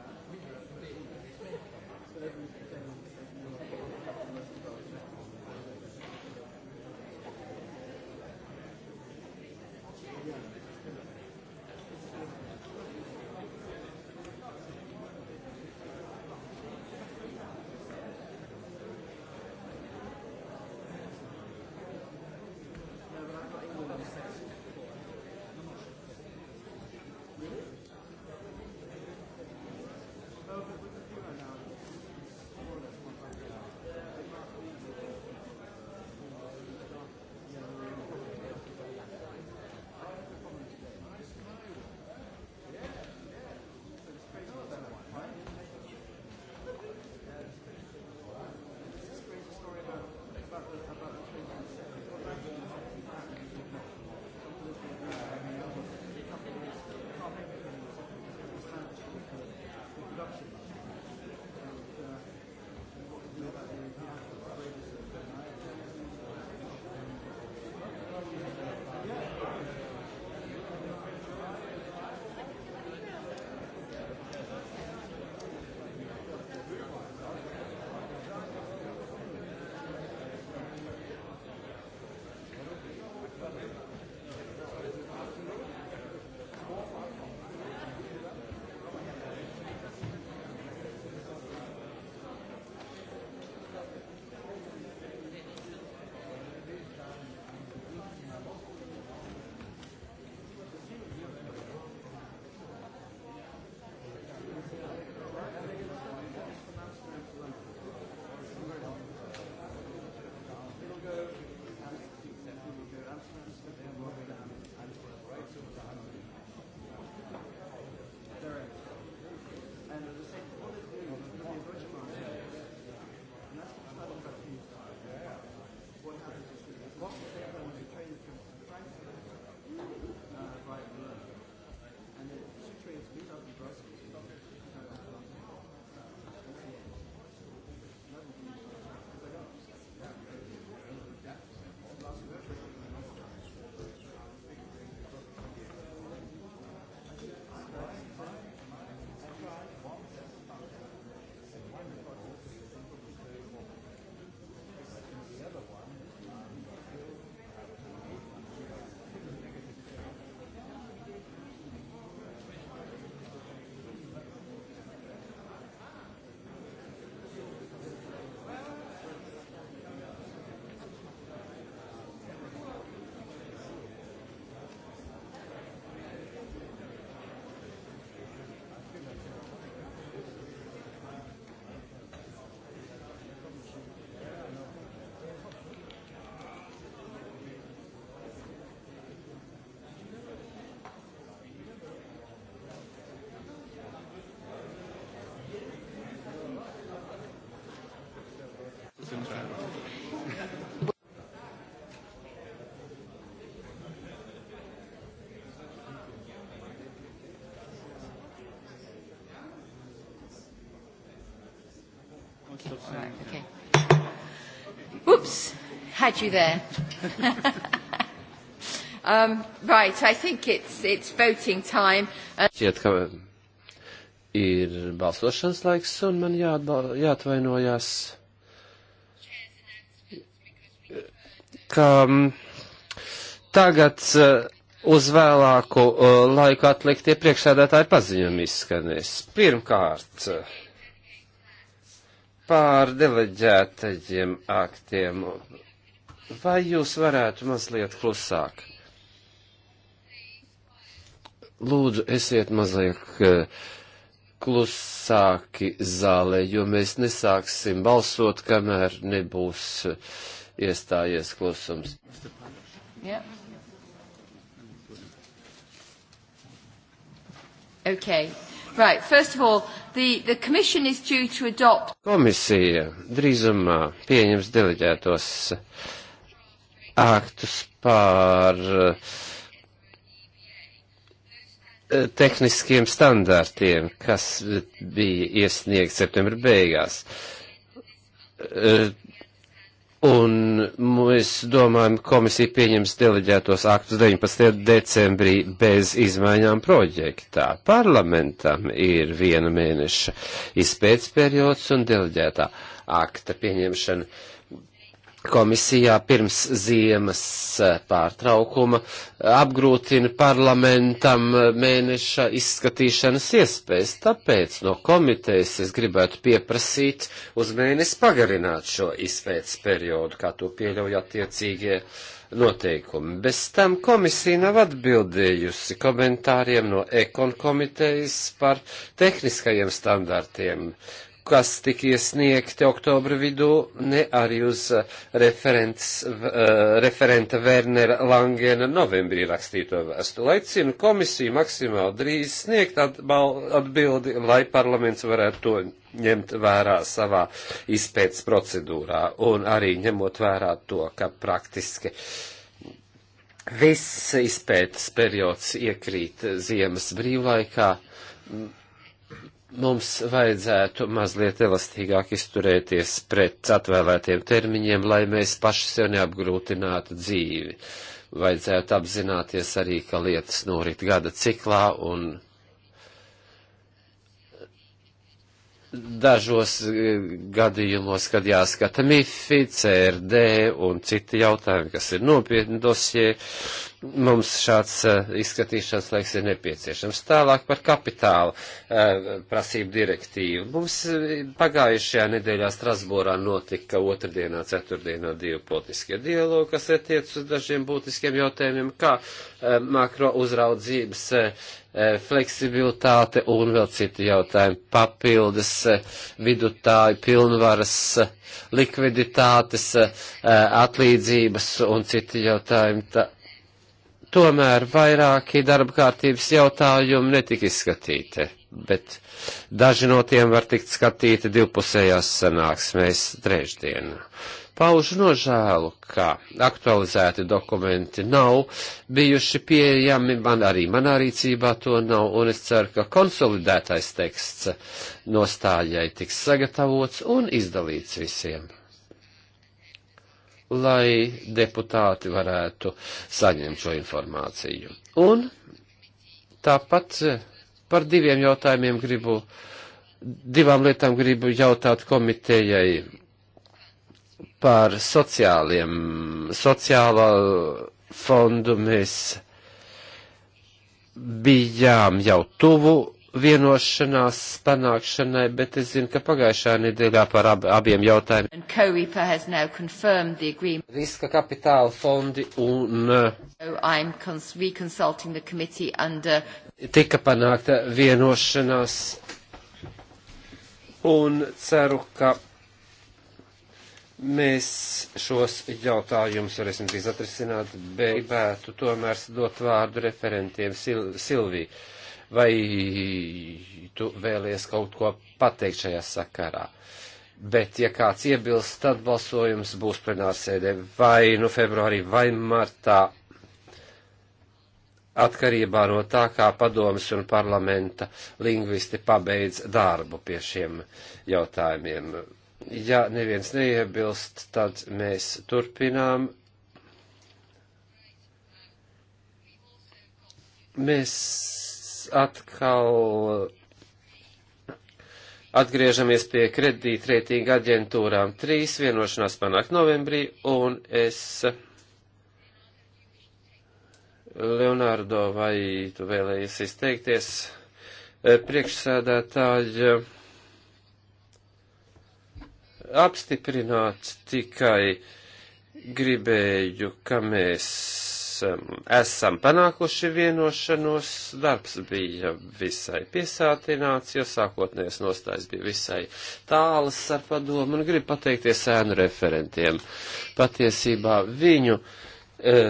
Right, okay. Whoops, had you there. um, right, I think it's, it's voting time. Uh, Šķiet, ka ir balsošanas laiks, un man jāatba, jāatvainojās ka mm, tagad eh, uz vēlāku eh, laiku atliktie priekšsēdētāji paziņojumi izskanēs. Pirmkārt, pār deleģētajiem aktiem. Vai jūs varētu mazliet klusāk? Lūdzu, esiet mazliet eh, klusāki zālē, jo mēs nesāksim balsot, kamēr nebūs uh, iestājies klusums. Yeah. Okay. Right. First of all, the, the commission is due to adopt. Komisija drīzumā pieņems deleģētos aktus pār eh, tehniskiem standārtiem, kas bija iesniegts septembra beigās eh, Un mēs domājam, komisija pieņems deleģētos aktus 19. decembrī bez izmaiņām projektā. Parlamentam ir viena mēneša izpētes periods un deleģētā akta pieņemšana komisijā pirms ziemas eh, pārtraukuma apgrūtina parlamentam eh, mēneša izskatīšanas iespējas. Tāpēc no komitejas es gribētu pieprasīt uz mēnesi pagarināt šo izpētes periodu, kā to pieļauj attiecīgie noteikumi. Bez tam komisija nav atbildējusi komentāriem no ekon komitejas par tehniskajiem standartiem kas tika iesniegti oktobra vidū, ne arī uz eh, referents, eh, referenta Wernera Langena novembrī rakstīto vēstuli. Aicinu komisiju maksimāli drīz sniegt atbildi, lai parlaments varētu to ņemt vērā savā izpētes procedūrā un arī ņemot vērā to, ka praktiski viss izpētes periods iekrīt ziemas brīvlaikā mums vajadzētu mazliet elastīgāk izturēties pret atvēlētiem termiņiem, lai mēs paši sev neapgrūtinātu dzīvi. Vajadzētu apzināties arī, ka lietas norit gada ciklā un dažos e, gadījumos, kad jāskata MIFI, CRD un citi jautājumi, kas ir nopietni dosie, mums šāds eh, izskatīšanas laiks ir nepieciešams. Tālāk par kapitāla eh, prasību direktīvu. Mums eh, pagājušajā nedēļā Strasbūrā notika otrdienā, ceturtdienā divi politiskie dialogi, kas attiec uz dažiem būtiskiem jautājumiem, kā makro uzraudzības fleksibilitāte un vēl citi jautājumi - papildes, vidutāju pilnvaras, likviditātes, atlīdzības un citi jautājumi tomēr vairāki darba kārtības jautājumi netika izskatīti, bet daži no tiem var tikt skatīti divpusējās sanāksmēs trešdienā. Paužu nožēlu, ka aktualizēti dokumenti nav bijuši pieejami, man arī manā rīcībā to nav, un es ceru, ka konsolidētais teksts nostājai tiks sagatavots un izdalīts visiem lai deputāti varētu saņemt šo informāciju. Un tāpat par diviem jautājumiem gribu, divām lietām gribu jautāt komitejai par sociāliem, sociālā fondu mēs bijām jau tuvu vienošanās panākšanai, bet es zinu, ka pagājušā nedēļā par ab, abiem jautājumiem riska kapitāla fondi un uh, so under... tika panākta vienošanās un ceru, ka mēs šos jautājumus varēsim drīz atrisināt, bet gribētu tomēr dot vārdu referentiem Sil Silviju vai tu vēlies kaut ko pateikt šajā sakarā. Bet, ja kāds iebilst, tad balsojums būs plenārsēdē vai nu februārī vai martā, atkarībā no tā, kā padomas un parlamenta lingvisti pabeidz darbu pie šiem jautājumiem. Ja neviens neiebilst, tad mēs turpinām mēs atkal atgriežamies pie kredītreitinga aģentūrām. Trīs vienošanās panākt novembrī, un es, Leonardo, vai tu vēlējies izteikties? Eh, priekšsēdētāji apstiprināt tikai gribēju, ka mēs esam panākuši vienošanos, darbs bija visai piesātināts, jo sākotnējais nostājs bija visai tālas ar padomu un gribu pateikties ēnu referentiem. Patiesībā viņu e,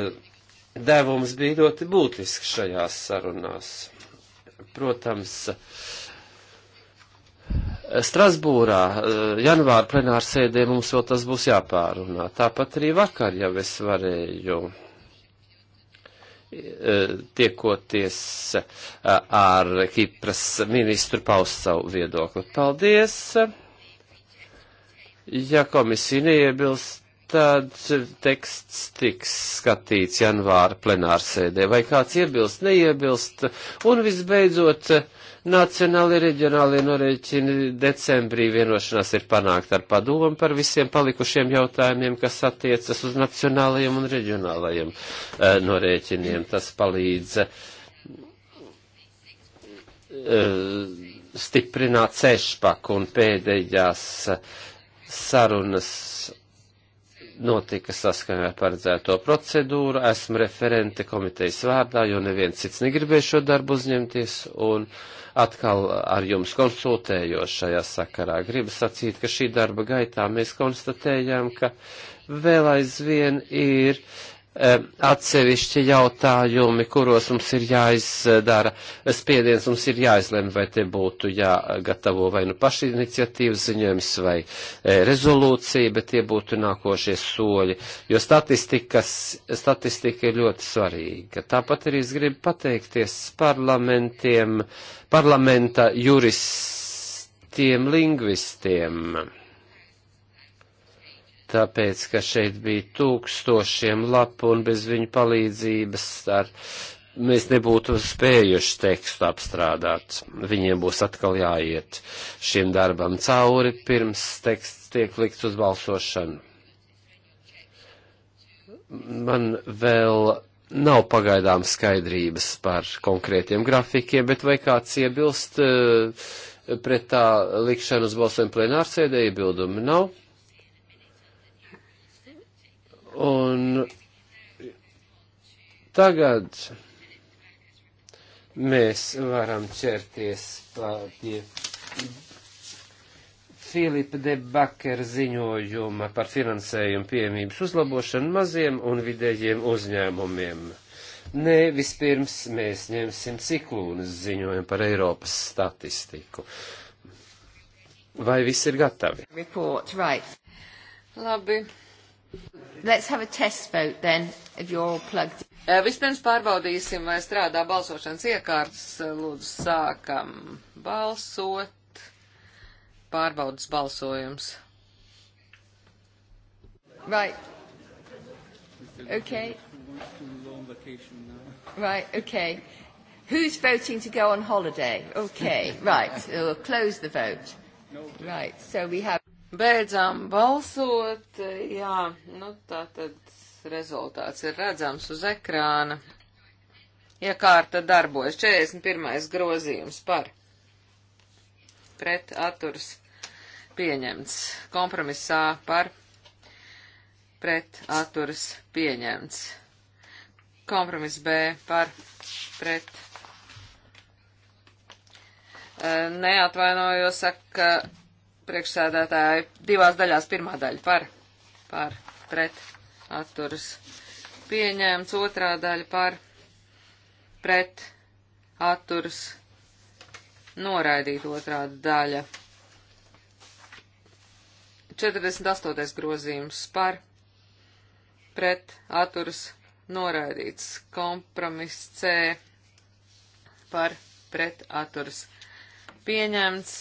devums bija ļoti būtisks šajās sarunās. Protams, Strasbūrā e, janvāra plenārsēdē mums vēl tas būs jāpārunā. Tāpat arī vakar jau es varēju E, tiekoties e, ar Kipras ministru paust savu viedokli. Paldies! Ja komisija neiebilst, tad teksts tiks skatīts janvāra plenārsēdē, vai kāds iebilst, neiebilst, un visbeidzot, nacionāli reģionāli norēķini decembrī vienošanās ir panākt ar padomu par visiem palikušiem jautājumiem, kas attiecas uz nacionālajiem un reģionālajiem e, norēķiniem. Tas palīdz e, stiprināt cešpaku un pēdējās sarunas notika saskaņā ar paredzēto procedūru. Esmu referente komitejas vārdā, jo neviens cits negribēja šo darbu uzņemties, un atkal ar jums konsultējos šajā sakarā. Gribu sacīt, ka šī darba gaitā mēs konstatējām, ka vēl aizvien ir atsevišķi jautājumi, kuros mums ir jāizdara spiediens, mums ir jāizlem, vai te būtu jāgatavo vai nu paši iniciatīvas ziņojums vai e, rezolūcija, bet tie būtu nākošie soļi, jo statistika ir ļoti svarīga. Tāpat arī es gribu pateikties parlamentiem, parlamenta juristiem, lingvistiem tāpēc, ka šeit bija tūkstošiem lapu un bez viņu palīdzības ar, mēs nebūtu spējuši tekstu apstrādāt. Viņiem būs atkal jāiet šiem darbam cauri, pirms teksts tiek likts uz balsošanu. Man vēl nav pagaidām skaidrības par konkrētiem grafikiem, bet vai kāds iebilst eh, pret tā likšanu uz balsojumu plenārsēdē iebildumu? Nav. Un tagad mēs varam ķerties pie Filipa de Bakera ziņojuma par finansējumu piemības uzlabošanu maziem un vidējiem uzņēmumiem. Nē, vispirms mēs ņemsim ciklūnas ziņojumu par Eiropas statistiku. Vai viss ir gatavi? Report, right. Labi, Let's have a test vote then, if you're all plugged. Eh, vispirms pārbaudīsim, vai strādā balsošanas iekārtas. Eh, lūdzu, sākam balsot. Pārbaudas balsojums. Right. Okay. Right, okay. Who's voting to go on holiday? Okay, right. We'll close the vote. Right, so we have. Beidzām balsot, jā, nu tā tad rezultāts ir redzams uz ekrāna. Iekārta ja darbojas 41. grozījums par pret atturs pieņemts. Kompromisā par pret atturs pieņemts. Kompromiss B par pret. Neatvainojos, saka, priekšsēdētāji divās daļās. Pirmā daļa par, par, pret, atturas pieņēmts, otrā daļa par, pret, atturas noraidīt otrā daļa. 48. grozījums par, pret, atturas noraidīts, kompromiss C par, pret, atturas pieņemts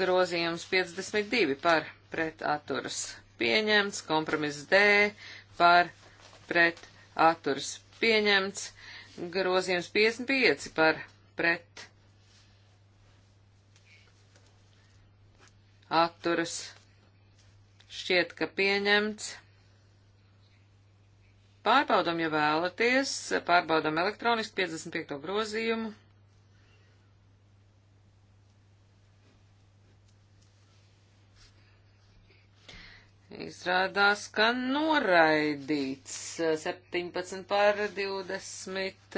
grozījums 52 par pret atturas pieņemts, kompromiss D par pret atturas pieņemts, grozījums 55 par pret atturas šķiet, ka pieņemts. Pārbaudam, ja vēlaties, pārbaudam elektroniski 55. grozījumu. Izrādās, ka noraidīts 17 pār 20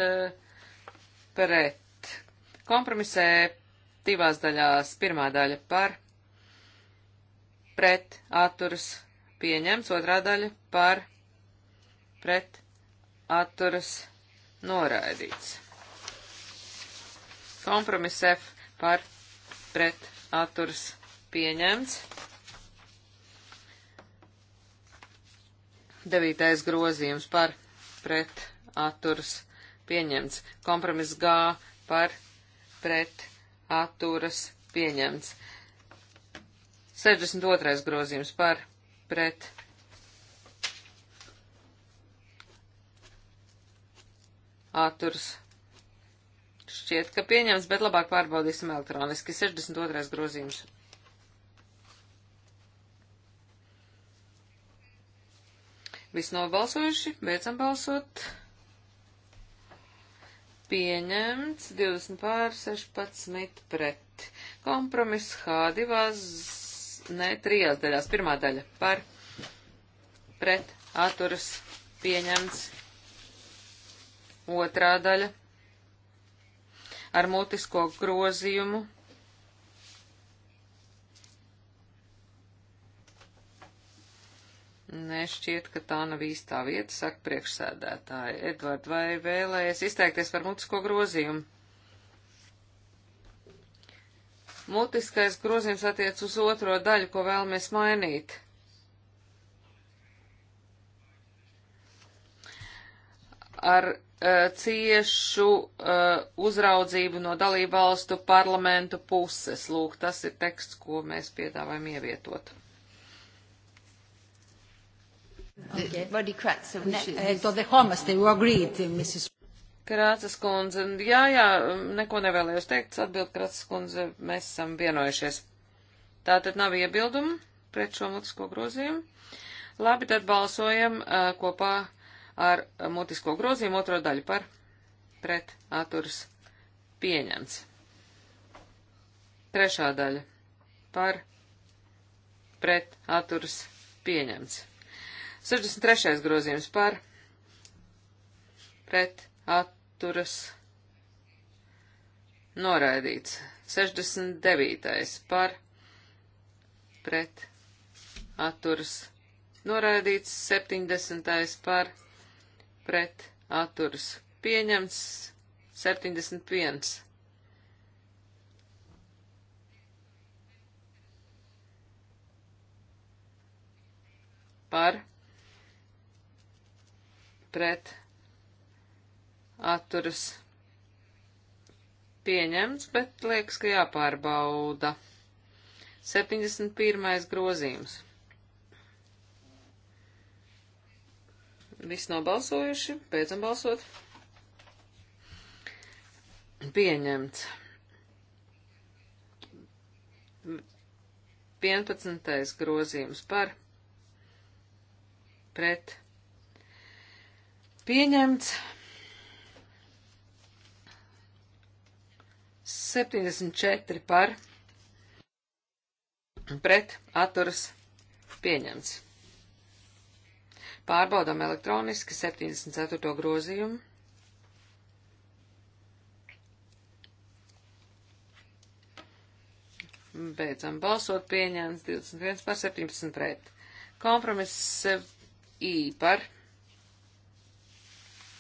pret. Kompromisē divās daļās. Pirmā daļa par pret atturas pieņemts, otrā daļa par pret atturas noraidīts. Kompromiss F par pret atturas pieņemts. Devītais grozījums par pret atturas pieņemts. Kompromiss G par pret atturas pieņemts. 62. grozījums par pret. Atturs šķiet, ka pieņems, bet labāk pārbaudīsim elektroniski. 62. grozījums Viss nobalsojuši, beidzam balsot. Pieņemts 20 pār 16 pret. Kompromiss H divās, ne trijās daļās. Pirmā daļa par pret atturas pieņemts. Otrā daļa ar mutisko grozījumu Nešķiet, ka tā nav īstā vieta, saka priekšsēdētāji. Edvard, vai vēlējies izteikties par mutisko grozījumu? Mutiskais grozījums attiec uz otro daļu, ko vēlamies mainīt. Ar uh, ciešu uh, uzraudzību no dalību valstu parlamentu puses. Lūk, tas ir teksts, ko mēs piedāvājam ievietot. Okay. Ne, eh, to dehomeste, you agreed, eh, Mrs. Krācas kundze, jā, jā, neko nevēlējos teikt, atbild Krācas kundze, mēs esam vienojušies. Tātad nav iebildumu pret šo mutisko grozījumu. Labi, tad balsojam uh, kopā ar mutisko grozījumu otro daļu par pret atturs pieņemts. Trešā daļa par pret atturs pieņemts. 63. grozījums par pret atturas noraidīts. 69. par pret atturas noraidīts. 70. par pret atturas pieņemts. 71. par pret atturas pieņemts, bet liekas, ka jāpārbauda. 71. grozījums. Visi nobalsojuši, beidzam balsot. Pieņemts. 11. grozījums par pret Pieņemts. 74 par pret atturas pieņemts. Pārbaudām elektroniski 74. grozījumu. Beidzam balsot pieņēmums 21 par 17 pret. Kompromiss I par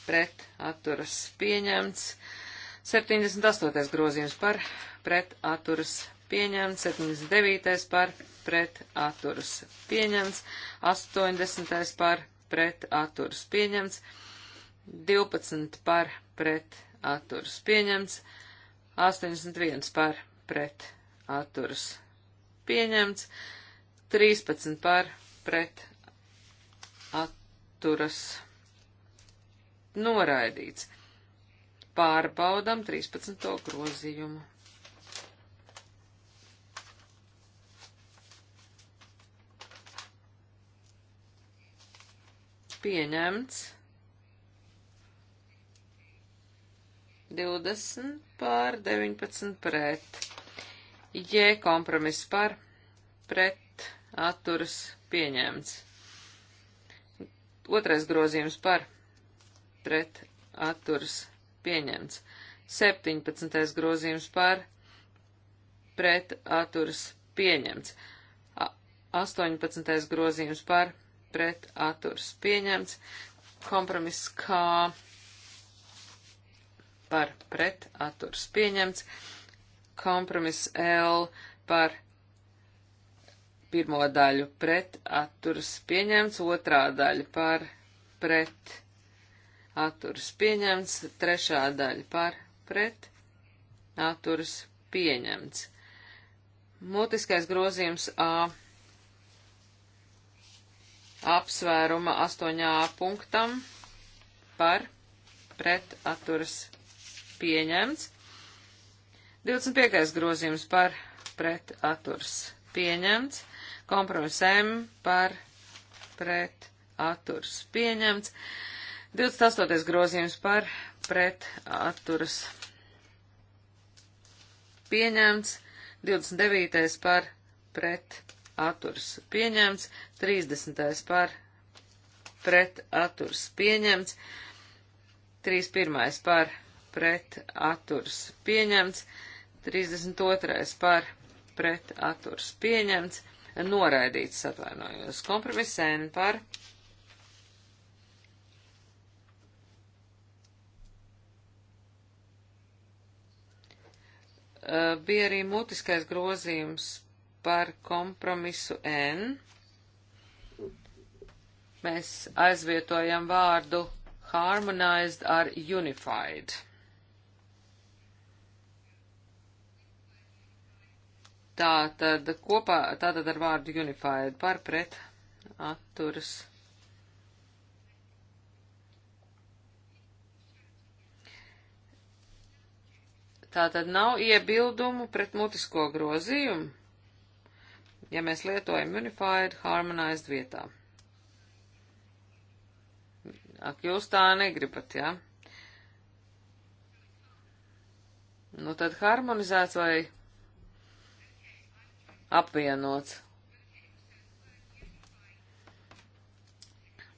pret atturas pieņemts, 78. grozījums par pret atturas pieņemts, 79. par pret atturas pieņemts, 80. par pret atturas pieņemts, 12 par pret atturas pieņemts, 81 par pret atturas pieņemts, 13 par pret atturas pieņemts noraidīts. Pārbaudam 13. grozījumu. Pieņemts 20 pār 19 pret. J kompromiss par pret atturas pieņemts. Otrais grozījums par pret atturas pieņemts. 17. grozījums par pret atturas pieņemts. 18. grozījums par pret atturas pieņemts. Kompromiss kā par pret atturas pieņemts. Kompromiss L par pirmo daļu pret atturas pieņemts, otrā daļa par pret atturas pieņemts atturas pieņemts, trešā daļa par pret atturas pieņemts. Mutiskais grozījums A apsvēruma 8a punktam par pret atturas pieņemts. 25. grozījums par pret aturs pieņemts, kompromiss M par pret aturs pieņemts, 28. grozījums par pret atturas pieņemts, 29. par pret atturas pieņemts, 30. par pret atturas pieņemts, 31. par pret atturas pieņemts, 32. par pret atturas pieņemts, noraidīts, atvainojos, kompromisēni par pret Eh, bija arī mutiskais grozījums par kompromisu N. Mēs aizvietojam vārdu harmonized ar unified. Tātad kopā, tātad ar vārdu unified par pret atturas Tātad nav iebildumu pret mutisko grozījumu, ja mēs lietojam unified, harmonized vietā. Ak, jūs tā negribat, jā? Ja? Nu, tad harmonizēts vai apvienots.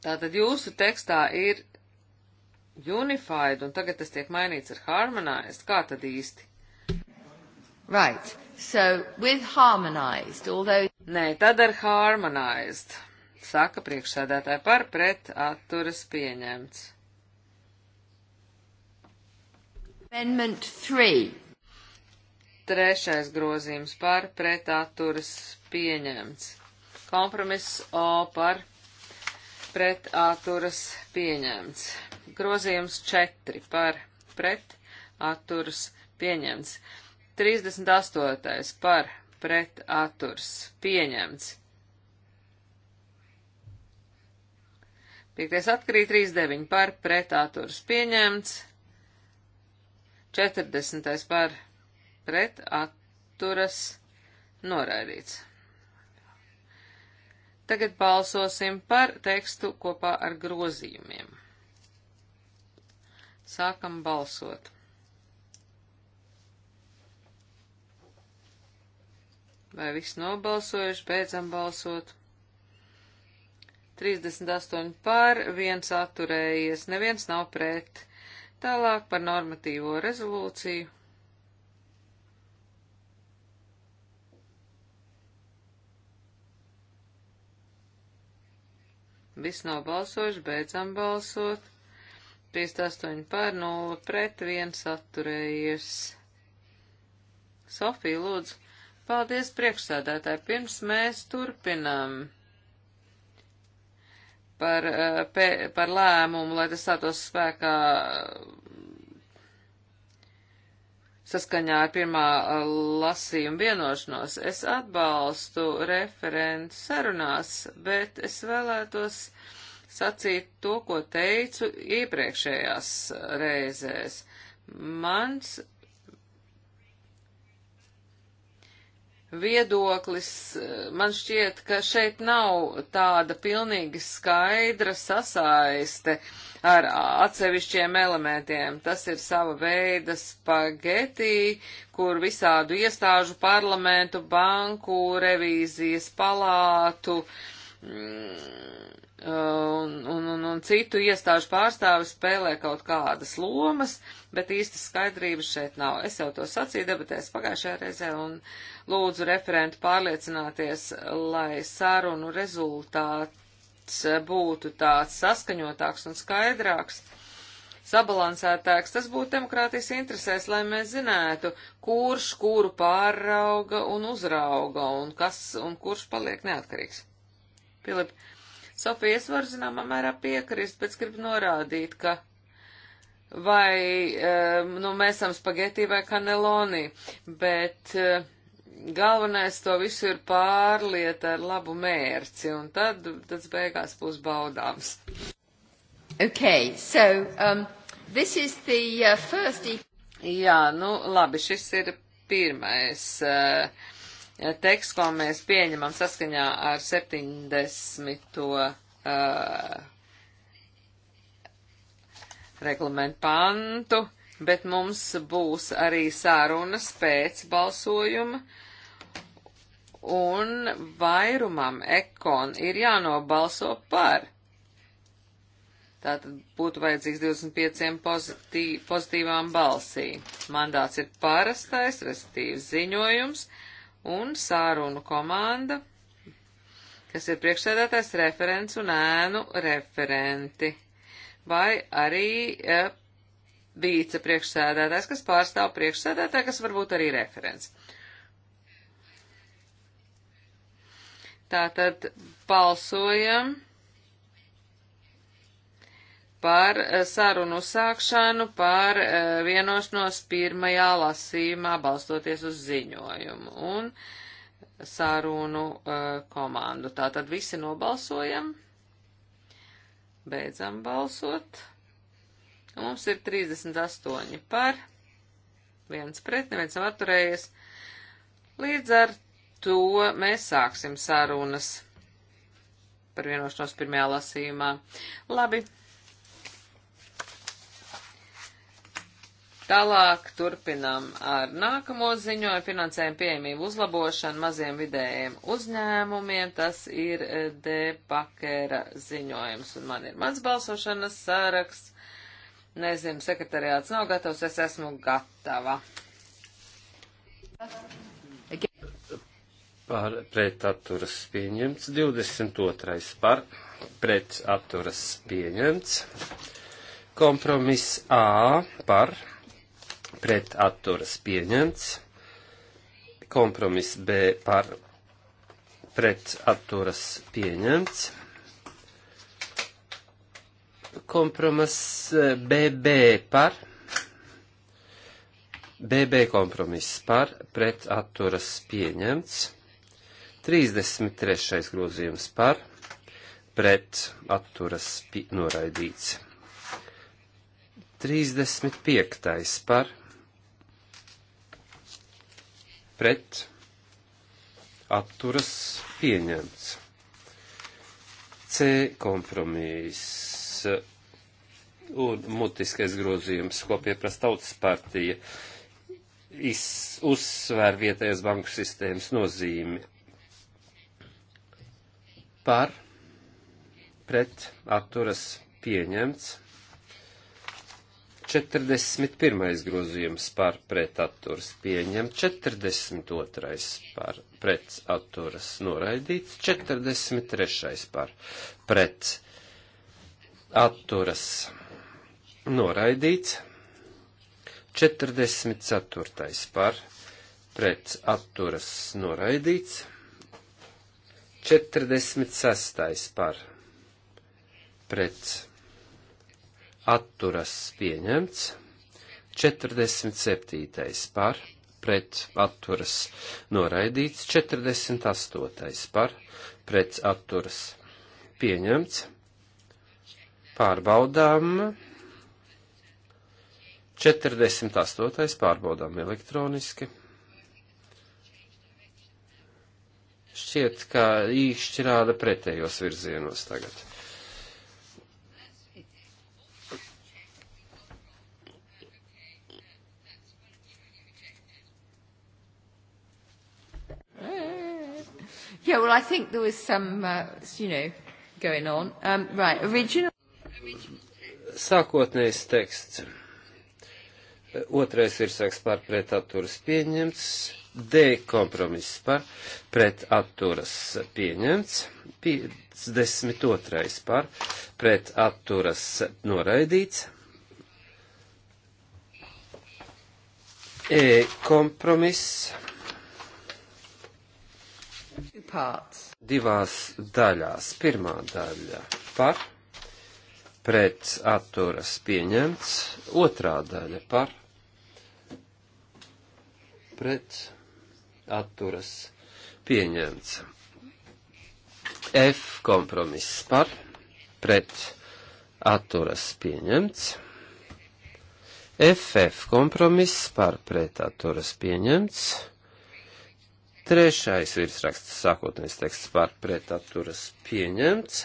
Tātad jūsu tekstā ir unified, un tagad tas tiek mainīts ar harmonized. Kā tad īsti? Right. So, with harmonized, although... Nē, tad ar harmonized. Saka priekšsēdētāji par pret atturas pieņemts. Amendment 3. Trešais grozījums par pret atturas pieņemts. Kompromiss O par pret pret atturas pieņemts. Grozījums 4 par pret atturas pieņemts. 38. par pret atturas pieņemts. 5. atkarīja 39 par pret atturas pieņemts. 40. par pret atturas noraidīts. Tagad balsosim par tekstu kopā ar grozījumiem. Sākam balsot. Vai viss nobalsojuši, beidzam balsot. 38 pār, viens atturējies, neviens nav pret. Tālāk par normatīvo rezolūciju. Viss nav balsojuši, beidzam balsot. 58 pār 0 pret 1 atturējies. Sofija, lūdzu. Paldies, priekšsēdētāji. Pirms mēs turpinām par, eh, par lēmumu, lai tas stātos spēkā saskaņā ar pirmā uh, lasījuma vienošanos. Es atbalstu referentu sarunās, bet es vēlētos sacīt to, ko teicu iepriekšējās reizēs. Mans viedoklis. Eh, man šķiet, ka šeit nav tāda pilnīgi skaidra sasaiste ar atsevišķiem elementiem. Tas ir sava veida spagetī, kur visādu iestāžu parlamentu, banku, revīzijas palātu. Mm, Uh, un, un, un, un citu iestāžu pārstāvi spēlē kaut kādas lomas, bet īstas skaidrības šeit nav. Es jau to sacīju debatēs pagājušajā reizē un lūdzu referentu pārliecināties, lai sarunu rezultāts būtu tāds saskaņotāks un skaidrāks sabalansētāks. Tas būtu demokrātijas interesēs, lai mēs zinātu, kurš kuru pārauga un uzrauga, un kas un kurš paliek neatkarīgs. Pilip, Sofija, es varu zināmā mērā piekrist, bet gribu norādīt, ka vai nu, mēs esam spagetī vai kanelonī, bet galvenais to visu ir pārliet ar labu mērci, un tad tas beigās būs baudāms. Okay, so, um, this is the uh, first... E- Jā, nu labi, šis ir pirmais. Uh, teksts, ko mēs pieņemam saskaņā ar 70. Uh, eh, reglamentu pantu, bet mums būs arī sārunas pēc balsojuma. Un vairumam ekon ir jānobalso par. Tātad būtu vajadzīgs 25 pozitīv, pozitīvām balsī. Mandāts ir parastais, respektīvi ziņojums. Uh, un sārunu komanda, kas ir priekšsēdētājs referents un ēnu referenti, vai arī e, vīca priekšsēdētājs, kas pārstāv priekšsēdētāju, kas varbūt arī referents. Tātad balsojam par eh, sarunu sākšanu, par eh, vienošanos pirmajā lasījumā balstoties uz ziņojumu un sarunu eh, komandu. Tātad visi nobalsojam, beidzam balsot. Mums ir 38 par, viens pret, neviens nav atturējies. Līdz ar to mēs sāksim sarunas par vienošanos pirmajā lasījumā. Labi, Tālāk turpinam ar nākamo ziņojumu finansējumu pieejamību uzlabošanu maziem vidējiem uzņēmumiem. Tas ir eh, D. Pakera ziņojums, un man ir mans balsošanas saraksts. Nezinu, sekretariāts nav gatavs, es esmu gatava. Par pretaturas pieņemts, 22. par pretaturas pieņemts, kompromiss A par pret atturas pieņemts. Kompromiss B par pret atturas pieņemts. Kompromiss BB eh, par. BB kompromiss par pret atturas pieņemts. 33. grozījums par pret atturas noraidīts. 35. par pret atturas pieņemts. C kompromiss un mutiskais grozījums, ko pieprasa tautas partija, iz, uzsver vietējās banku sistēmas nozīmi par pret atturas pieņemts. 41. grozījums par pretaturas pieņem, 42. par pretaturas noraidīts, 43. par pretaturas noraidīts, 44. par pretaturas noraidīts, 46. par pretaturas noraidīts atturas pieņemts, 47. par, pret atturas noraidīts, 48. par, pret atturas pieņemts, pārbaudām, 48. pārbaudām elektroniski. Šķiet, ka īkšķi rāda pretējos virzienos tagad. Yeah, well, I think there was some, uh, you know, going on. Um, right, original. Sākotnējs teksts. Otrais virsraksts par pretatturas pieņemts. D kompromiss par pretatturas pieņemts. 52. par pretatturas noraidīts. E kompromiss Divās daļās. Pirmā daļa par, pret atturas pieņemts, otrā daļa par, pret atturas pieņemts. F kompromiss par, pret atturas pieņemts. FF kompromiss par pretaturas pieņemts. Trešais virsraksts sākotnējs teksts par pretaturas pieņemts.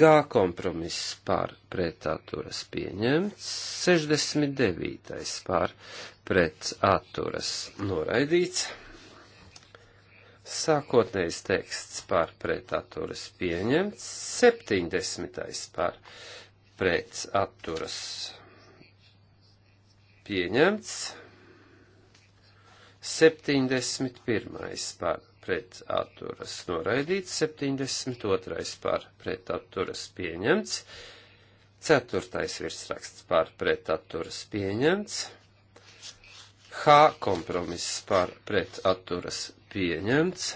G kompromiss par pretaturas pieņemts, 69. par pretaturas noraidīts. Sākotnējs teksts par pretaturas pieņemts, 70. par pretaturas pieņemts, 71. par pretaturas noraidīts, 72. par pretaturas pieņemts, 4. virsraksts par pretaturas pieņemts, H kompromiss par pretaturas pieņemts,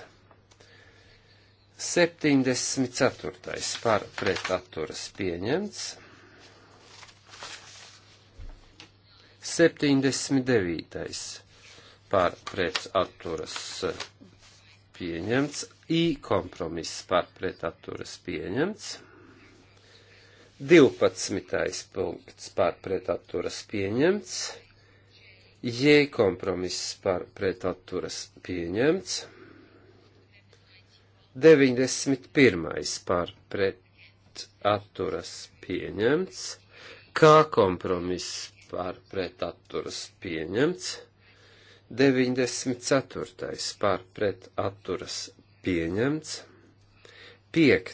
74. par pretaturas pieņemts, 79 par pretatturas pieņemts, I kompromiss par pretatturas pieņemts, 12. punkts par pretatturas pieņemts, J kompromiss par pretatturas pieņemts, 91. par pretatturas pieņemts, K kompromiss par pretatturas pieņemts, 94. par pret atturas pieņemts, 5.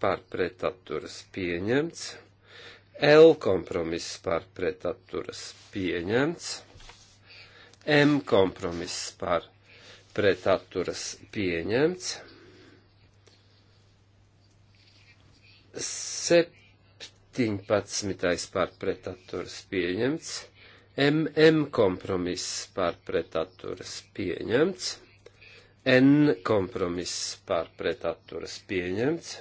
par pret atturas pieņemts, L kompromiss par pret atturas pieņemts, M kompromiss par pret atturas pieņemts, 17. par pret atturas pieņemts, MM kompromiss pārpretaturas pieņemts, N kompromiss pārpretaturas pieņemts,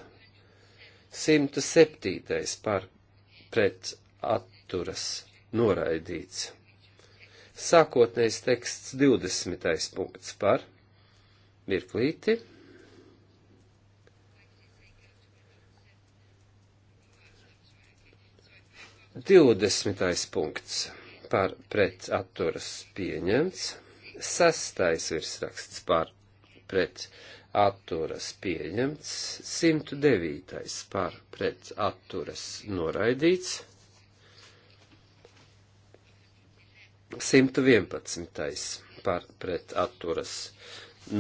107. pārpretaturas noraidīts. Sākotnējs teksts 20. punkts par mirklīti. Divdesmitais punkts par pret atturas pieņemts. Sastais virsraksts par pret atturas pieņemts. 109. par pret atturas noraidīts. 111. par pret atturas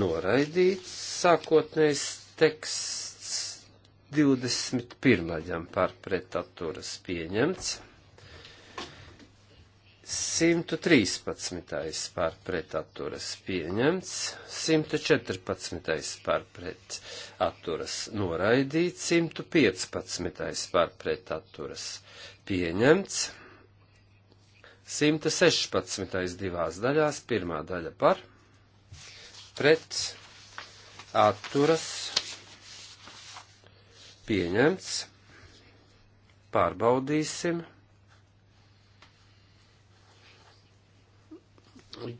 noraidīts. Sākotnējs teksts 21. par pret atturas pieņemts. 113. par pretaturas pieņemts, 114. par pretaturas noraidīts, 115. par pretaturas pieņemts, 116. divās daļās, pirmā daļa par pretaturas pieņemts, pārbaudīsim.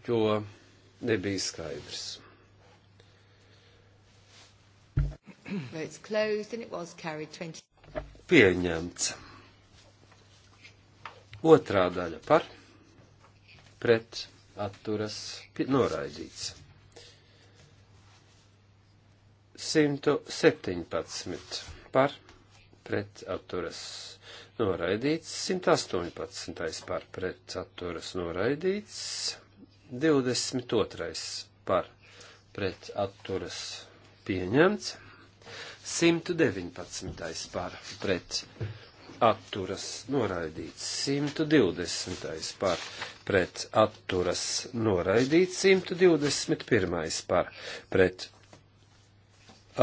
jo nebija skaidrs. Pieņemts. Otrā daļa par, pret, atturas, noraidīts. 117 par, pret, atturas, noraidīts. 118 par, pret, atturas, noraidīts. 22. par pret atturas pieņemts, 119. par pret atturas noraidīts, 120. par pret atturas noraidīts, 121. par pret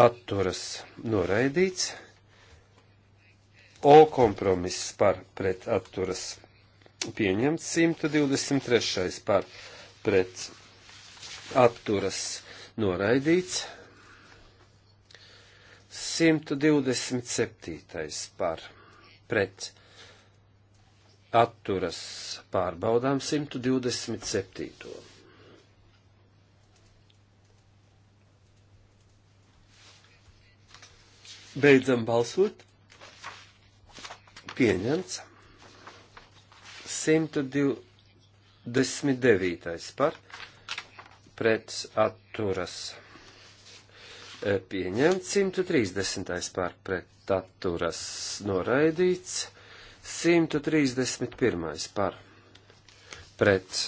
atturas noraidīts, O kompromiss par pret atturas pieņemts, 123. par pret pret apturas noraidīts. 127. par pret atturas pārbaudām 127. Beidzam balsot. Pieņemts. 102. 29. E, par pret atturas pieņemts, 130. par pret atturas noraidīts, 131. par pret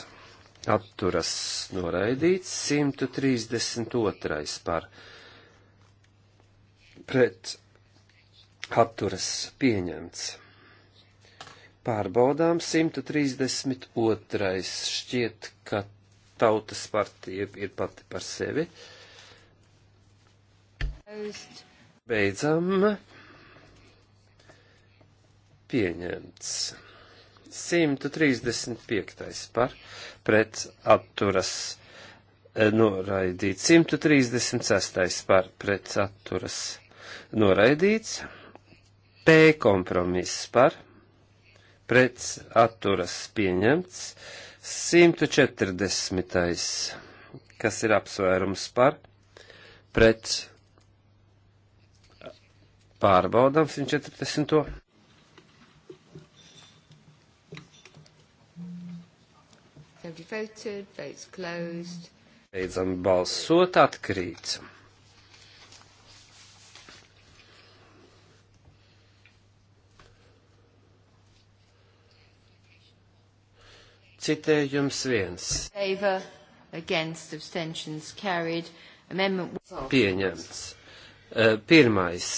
atturas noraidīts, 132. par pret atturas pieņemts. Pārbaudām 132. šķiet, ka tautas partija ir pati par sevi. Beidzam. Pieņemts. 135. par pret atturas eh, noraidīts. 136. par pret atturas noraidīts. P kompromiss par pret pret atturas pieņemts, 140. kas ir apsvērums par pret pārbaudām 140. Beidzam balsot atkrīt. Citējums viens. Favor, against, abstentions carried. Amendment... Pieņemts. Eh, pirmais.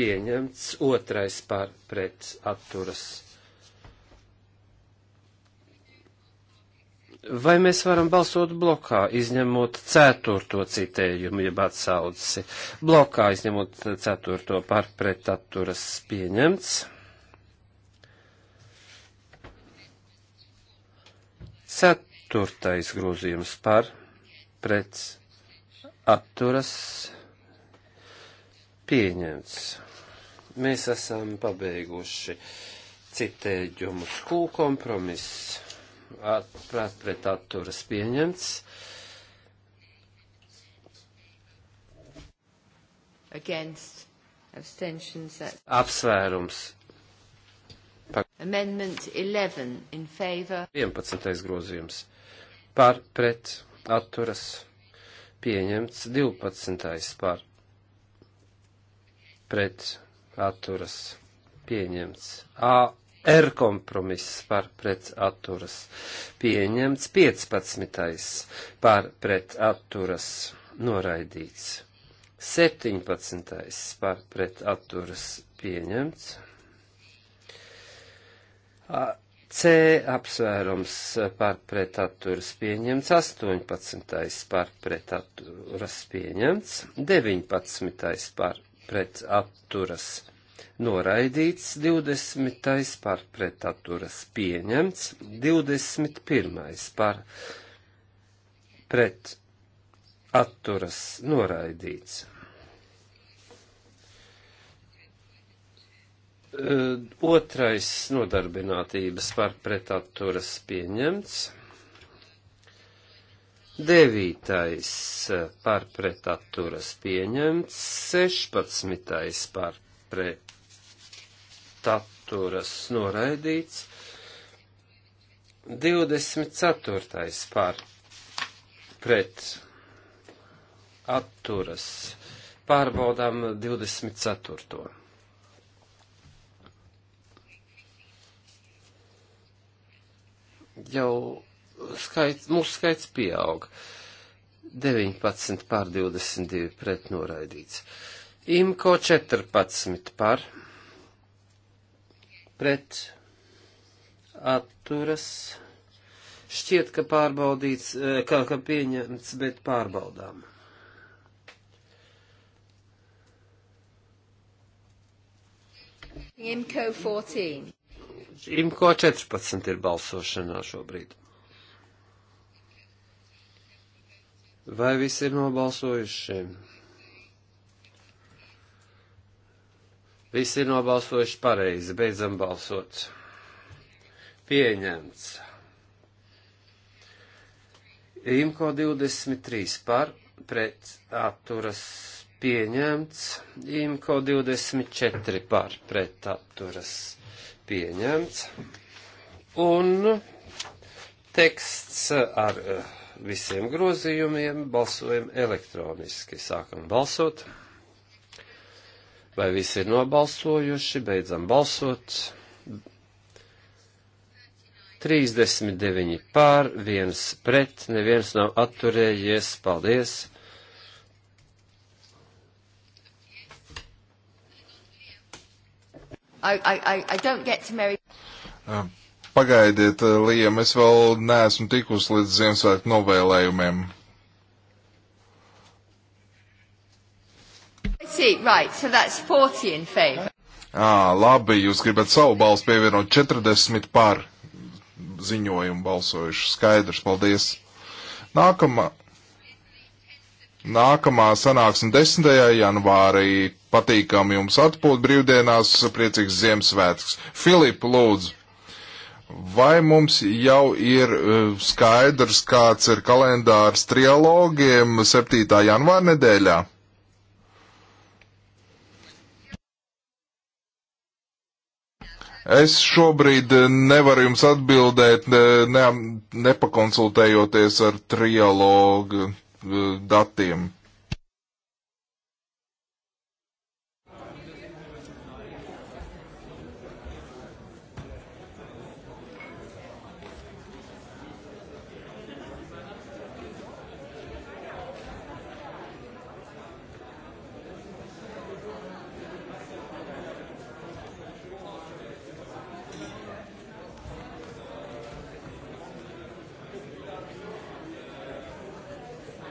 Pieņemts. Otrais par pret atturas. Vai mēs varam balsot blokā, izņemot ceturto citējumu, jeb atsauci? Blokā izņemot ceturto par pret atturas pieņemts. Ceturtais grozījums par pret atturas pieņemts. Mēs esam pabeiguši citēģumus Q kompromiss atprāt pret atturas pieņemts. Against abstentions. That... Apsvērums Amendment 11 in favor. 11. grozījums. Par, pret, atturas, pieņemts. 12. par, pret, atturas, pieņemts. A, R kompromiss par pret atturas, pieņemts. 15. par, pret, atturas, noraidīts. 17. par, pret, atturas, pieņemts. C apsvērums par pretaturas pieņemts, 18. par pretaturas pieņemts, 19. par pretaturas noraidīts, 20. par pretaturas pieņemts, 21. par pretaturas noraidīts. Eh, otrais nodarbinātības par pretaturas pieņemts. Devītais eh, par pretaturas pieņemts. Sešpadsmitais par pretaturas noraidīts. 24. par pret atturas pārbaudām 24. jau skaits, mūsu skaits pieaug. 19 pār 22 pret noraidīts. Imko 14 par pret atturas. Šķiet, ka pārbaudīts, e, kā, ka pieņemts, bet pārbaudām. Imko 14. Imko 14 ir balsošanā šobrīd. Vai visi ir nobalsojuši? Visi ir nobalsojuši pareizi, beidzam balsot. Pieņemts. Imko 23 par, pret atturas pieņemts. Imko 24 par, pret atturas pieņemts. Un teksts ar eh, visiem grozījumiem balsojam elektroniski. Sākam balsot. Vai visi ir nobalsojuši? Beidzam balsot. 39 pār, 1 pret, neviens nav atturējies. Paldies! I, I, I don't get to marry. Uh, pagaidiet, uh, Liam, es vēl neesmu tikus līdz Ziemassvētku novēlējumiem. See, right, so that's 40 in favor. À, labi, jūs gribat savu balsu pievienot 40 par ziņojumu balsojuši. Skaidrs, paldies. Nākamā, nākamā sanāksme 10. janvārī Patīkam jums atpūt brīvdienās, priecīgs Ziemassvētks. Filip, lūdzu, vai mums jau ir eh, skaidrs, kāds ir kalendārs trialogiem 7. janvāra nedēļā? Es šobrīd nevaru jums atbildēt, ne, nepakonsultējoties ar trialogu eh, datiem.